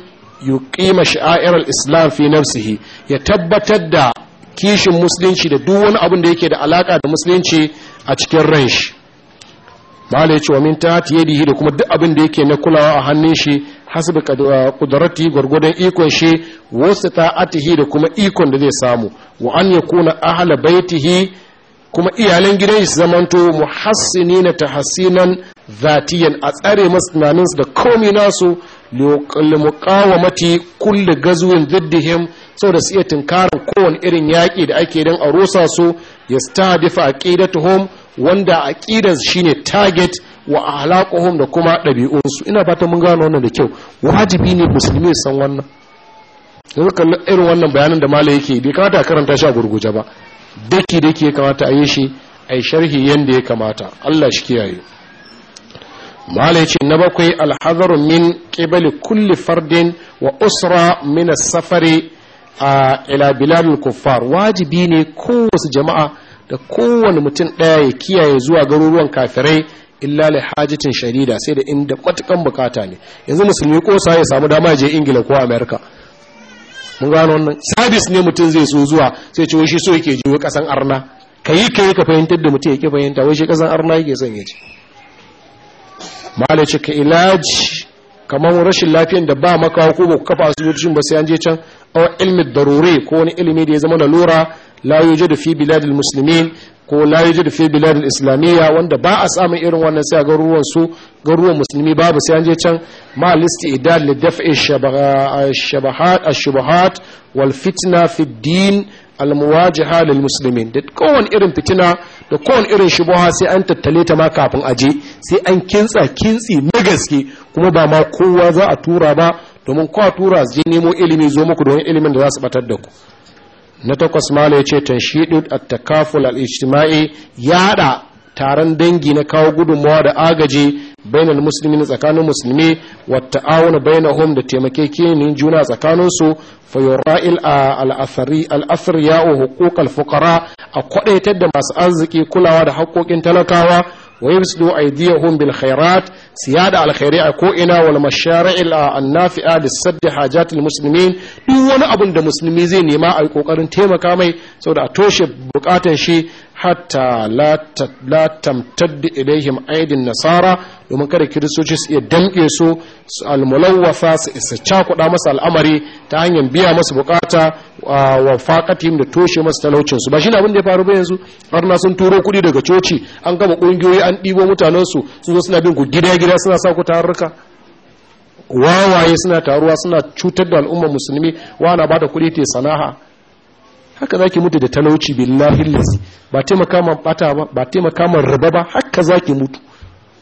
yuqima sha'air al islam fi nafsihi ya tabbatar da kishin musulunci da duk wani abin da yake da alaka da musulunci a cikin ran shi mala ya ce wa minta ta yi da kuma duk abin da yake na kulawa a hannun shi da kudurati uh, gwargwadon ikon shi wasu atihi da kuma ikon da zai samu wa an ya kuna ahala baitihi kuma iyalan gidan su zamanto ta hassinan zatiyan a tsare masu tunaninsu da komi nasu mati, kulle gazuwin diddihim da su iya tunkarin kowane irin yaƙi da ake don a rusa su ya stadifa aqidatuhum wanda a shi shine target wa ahlaquhum da kuma ɗabi'unsu ina ba ta mun gano wannan da kyau wajibi ne musulmi san wannan yanzu kalli irin wannan bayanin da malai yake bai kamata a karanta shi a gurguje ba daki daki ya kamata a yi shi a yi sharhi yadda ya kamata Allah shi kiyaye malai ce na bakwai alhazarun min kibali kulli fardin wa usra mina safari a ila kuffar wajibi ne kowace jama'a da kowane mutum ɗaya ya kiyaye zuwa garuruwan kafirai illa li sharida sai da inda matukan bukata ne yanzu musulmi ko sa ya samu dama je ingila ko america mun gano wannan sabis ne mutum zai so zuwa sai ce shi so yake jiwo kasan arna kai yi ka fahimtar da mutum yake fahimta wai shi kasan arna yake son ya ci. malaci ka ilaji kamar rashin lafiyan da ba makawa ko ba ku kafa asibitocin ba sai an je can aw ilmin daruri ko wani ilimi da ya zama lalura la yujadu fi ko la yujadu fi islamiyya wanda ba a samun irin wannan sai a garuruwan su ruwan musulmi babu sai an je can ma listi idal li daf'i shabahat ashubahat wal fitna fi din al muwajiha lil muslimin da kowane irin fitina da kowane irin shubuha sai an tattale ta ma kafin aje sai an kintsa kintsi na gaske kuma ba ma kowa za a tura ba domin kwa tura zai nemo ilimi zo muku domin ilimin da za su batar da ku na takwas mala ya ce tanshidu a takaful al-ijtima'i haɗa taron dangi na kawo gudunmawa da agaji bainal musulmi na tsakanin musulmi wata awon bainahum da taimakekenin juna tsakanin tsakaninsu fayora'il a al'asari ya'o hukuk fukara a kwadaitar da masu arziki kulawa da haƙoƙin talakawa wa yusdu aydiyahum bil khairat su yada alkhairi a ko'ina wal mashari'il annafi'a lis sadd hajatil musulmin duk wani abun da musulmi zai nema a yi kokarin taimaka mai saboda a toshe bukatan shi hatta la tamtadda ilaihim aidin nasara domin kada kiristoci su iya damƙe su almulawwafa su isa cakuɗa masa al'amari ta hanyar biya masu bukata wa faƙatihim da toshe masu talaucin ba shi abin da ya faru ba yanzu har na sun turo kuɗi daga coci an gama ƙungiyoyi an ɗibo mutanensu su sun zo suna bin ku gida gida suna sa ku tarurruka wawaye suna taruwa suna cutar da al'ummar musulmi wa na ba da kuɗi ta sana'a haka za ki mutu da talauci billahi lasi ba taimaka makaman bata ba ba taimaka makaman riba ba haka za ki mutu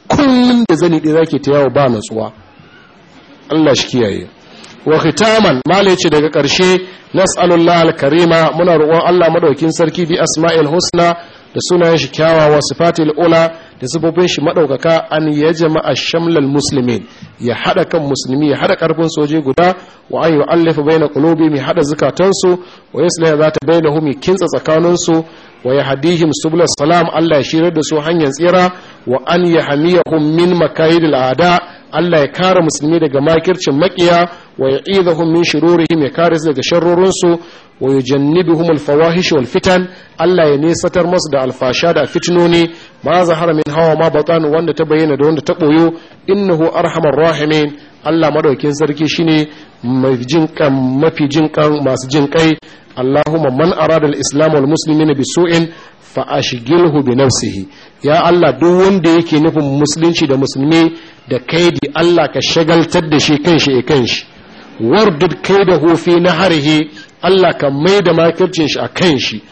kullum da zani ɗi za ki ta yawo ba natsuwa Allah shi kiyaye wa hitaman mala ce daga ƙarshe nas'alullah al-karima muna roƙon Allah madaukin sarki bi asma'il husna da sunayen shi kyawawa sifati ula da sifofin shi madaukaka an ya jama'a shamlal muslimin ya hada kan musulmi ya hada karfin soje guda wa an yu'allifa baina qulubi mi hada zakatan su wa yasliha zata bainahum kinsa tsakanin su wa yahdihim subul salam Allah ya shirar da su hanyar tsira wa an yahmiyahum min makaidil a'da Allah ya kare musulmi daga makircin makiya wa ya'idhahum min shururihim ya kare su daga sharrorin su wa jannibi al-fawahish wal fitan Allah ya nisatar musu da alfasha da fitinoni. ma zahara min hawa ma batan wanda ta bayyana da wanda ta ɓoyo innahu arhamar rahimin Allah madaukin sarki shine mai jin kan mafi jin kan masu jin kai Allahumma man arada al-islam wal muslimina bisu'in fa ashghilhu bi nafsihi ya Allah duk wanda yake nufin musulunci da musulmi da kaidi Allah ka shagaltar da shi kanshi e kanshi wardud kaidahu fi naharihi Allah ka mai da makircin shi a kanshi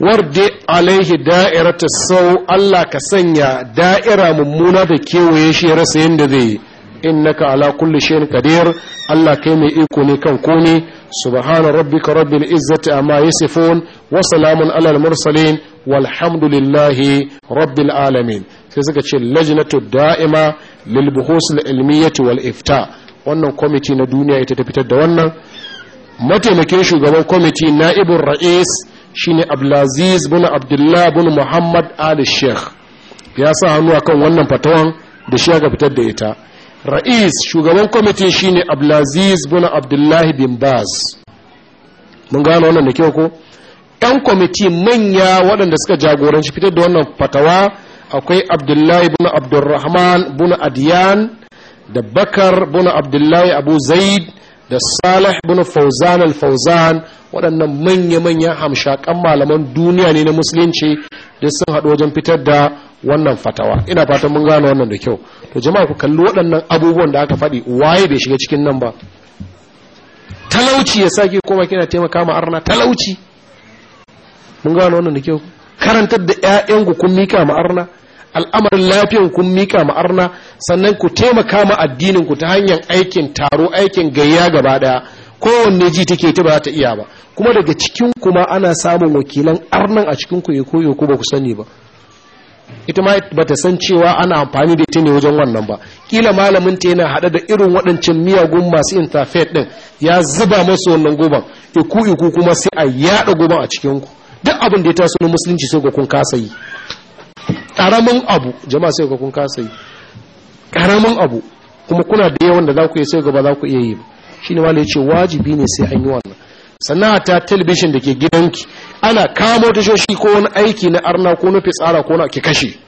warde alaihi da'irata sau Allah ka sanya da'ira mummuna da kewaye shi rasa yadda zai yi. innaka ala kulli shay'in qadir Allah kai mai iko ne kan kone subhana rabbika rabbil izzati amma yasifun wa salamun alal mursalin walhamdulillahi rabbil alamin sai suka ce lajnatu da'ima lil buhus al ilmiyyati wal ifta wannan kwamiti na duniya ita ta fitar da wannan mataimakin shugaban kwamiti na'ibur ra'is shine abdulaziz bin abdullah bin muhammad ali sheikh ya sa hannu akan wannan fatawan da shi aka fitar da ita ra'is shugaban kwamitin shine abdulaziz bin abdullahi bin baz mun gano wannan da kyau ko yan kwamiti manya waɗanda suka jagoranci fitar da wannan fatawa akwai abdullahi bin abdulrahman bin adiyan da bakar bin abdullahi abu zaid da salih bin fauzan al-fauzan waɗannan manya-manyan hamshakan malaman duniya ne na musulunci da sun haɗu wajen fitar da wannan fatawa ina fatan mun gane wannan da kyau to jama'a ku kalli waɗannan abubuwan da aka faɗi waye bai shiga cikin nan ba talauci ya sake kuma kina taimaka ma arna talauci mun gane wannan da kyau karantar da ku kun mika ma arna al'amarin lafiyan kun mika ma'arna sannan ku taimaka ma addinin ku ta hanyar aikin taro aikin gayya gaba daya kowanne ji take ta ba za ta iya ba kuma daga cikin kuma ana samun wakilan arnan a cikin ku koyo ko ba ku sani ba ita ma ba ta san cewa ana amfani da ita ne wajen wannan ba kila malamin ta yana hada da irin waɗancan miyagun masu interfaith din ya zuba masu wannan goban iku iku kuma sai a yada goban a cikin ku duk abin da ya taso na musulunci sai ga kun kasa yi karamin abu jama'a sai ga kun kasa yi karamin abu kuma kuna da yawan da za ku yi sai gaba za ku iya yi shi ne wale ce wajibi ne sai an yi wannan sannan ta telebishin da ke gidanki ana kamo tashoshi ko wani aiki na arna ko na fitsara ko na ki kashe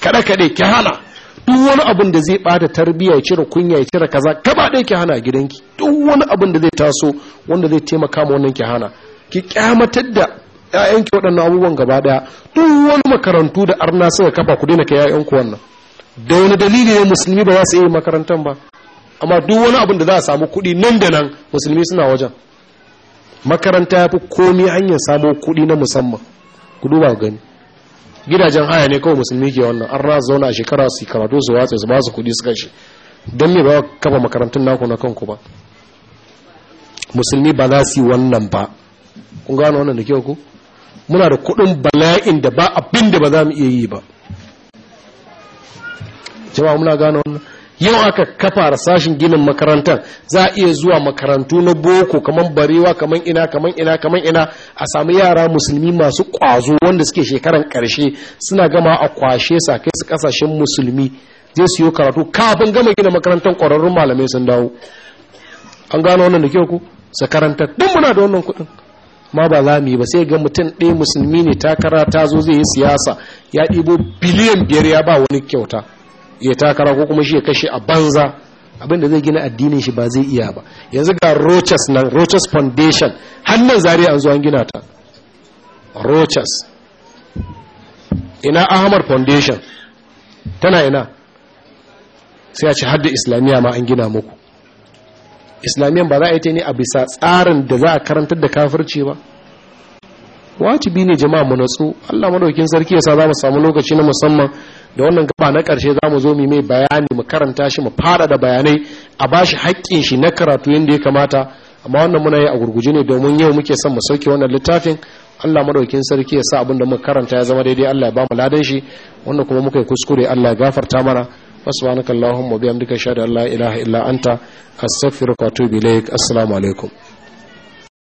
kada kada ki hana duk wani abin da zai bata tarbiyya cire kunya ya cire kaza gaba ɗaya ki hana gidanki duk wani abin da zai taso wanda zai taimaka ma wannan ki hana ki kyamatar da ƴaƴanki waɗannan abubuwan gaba ɗaya duk wani makarantu da arna suka kafa ku daina kai ƴaƴanku wannan da wani dalili ne musulmi ba za su yi makarantar ba amma duk wani abin da za a samu kuɗi nan da nan musulmi suna wajen makaranta ya fi komi hanyar samo kuɗi na musamman ku duba gani gidajen haya ne kawai musulmi ke wannan an ra zauna a shekara su karatu su watsa su ba su kuɗi su kashe don me ba kafa makarantun naku na kanku ba musulmi ba za su yi wannan ba kun gano wannan da kyau ku muna da kudin bala'in da ba abin da ba za mu iya yi ba cewa muna gano wannan yau aka kafa sashin ginin makarantar za a iya zuwa makarantu na boko kaman barewa kaman ina kaman ina kaman ina a samu yara musulmi masu kwazo wanda suke shekaran karshe suna gama a kwashe sa kai su kasashen musulmi zai siyo karatu kafin gama gina makarantar kwararrun malamai sun dawo an gano wannan da kyau ku sa karanta ɗin muna da wannan kuɗin ma ba za mu yi ba sai ga mutum ɗaya musulmi ne takara ta zo zai yi siyasa ya ɗibo biliyan biyar ya ba wani kyauta ya takara ko kuma shi ya kashe a banza abin da zai gina addinin shi ba zai iya ba yanzu ga rochas nan rochas foundation hannun zariya an zo an gina ta rochas ina ahmad foundation tana ina sai a ci hadda islamiyya ma an gina muku islamiyan ba za a yi ta ne a bisa tsarin da za a karantar da kafirci ba wajibi ne jama'a mu natsu Allah madaukin sarki yasa za mu samu lokaci na musamman da wannan gaba na karshe za mu zo mu mai bayani mu karanta shi mu fara da bayanai a ba shi haƙƙin shi na karatu yadda ya kamata amma wannan muna yi a gurguje ne domin yau muke son mu sauke wannan littafin Allah madaukin sarki yasa abin da muka karanta ya zama daidai Allah ya ba mu ladan shi wanda kuma muka yi kuskure Allah ya gafarta mana subhanakallahumma bihamdika shada la ilaha illa anta astaghfiruka wa atubu ilaik assalamu alaikum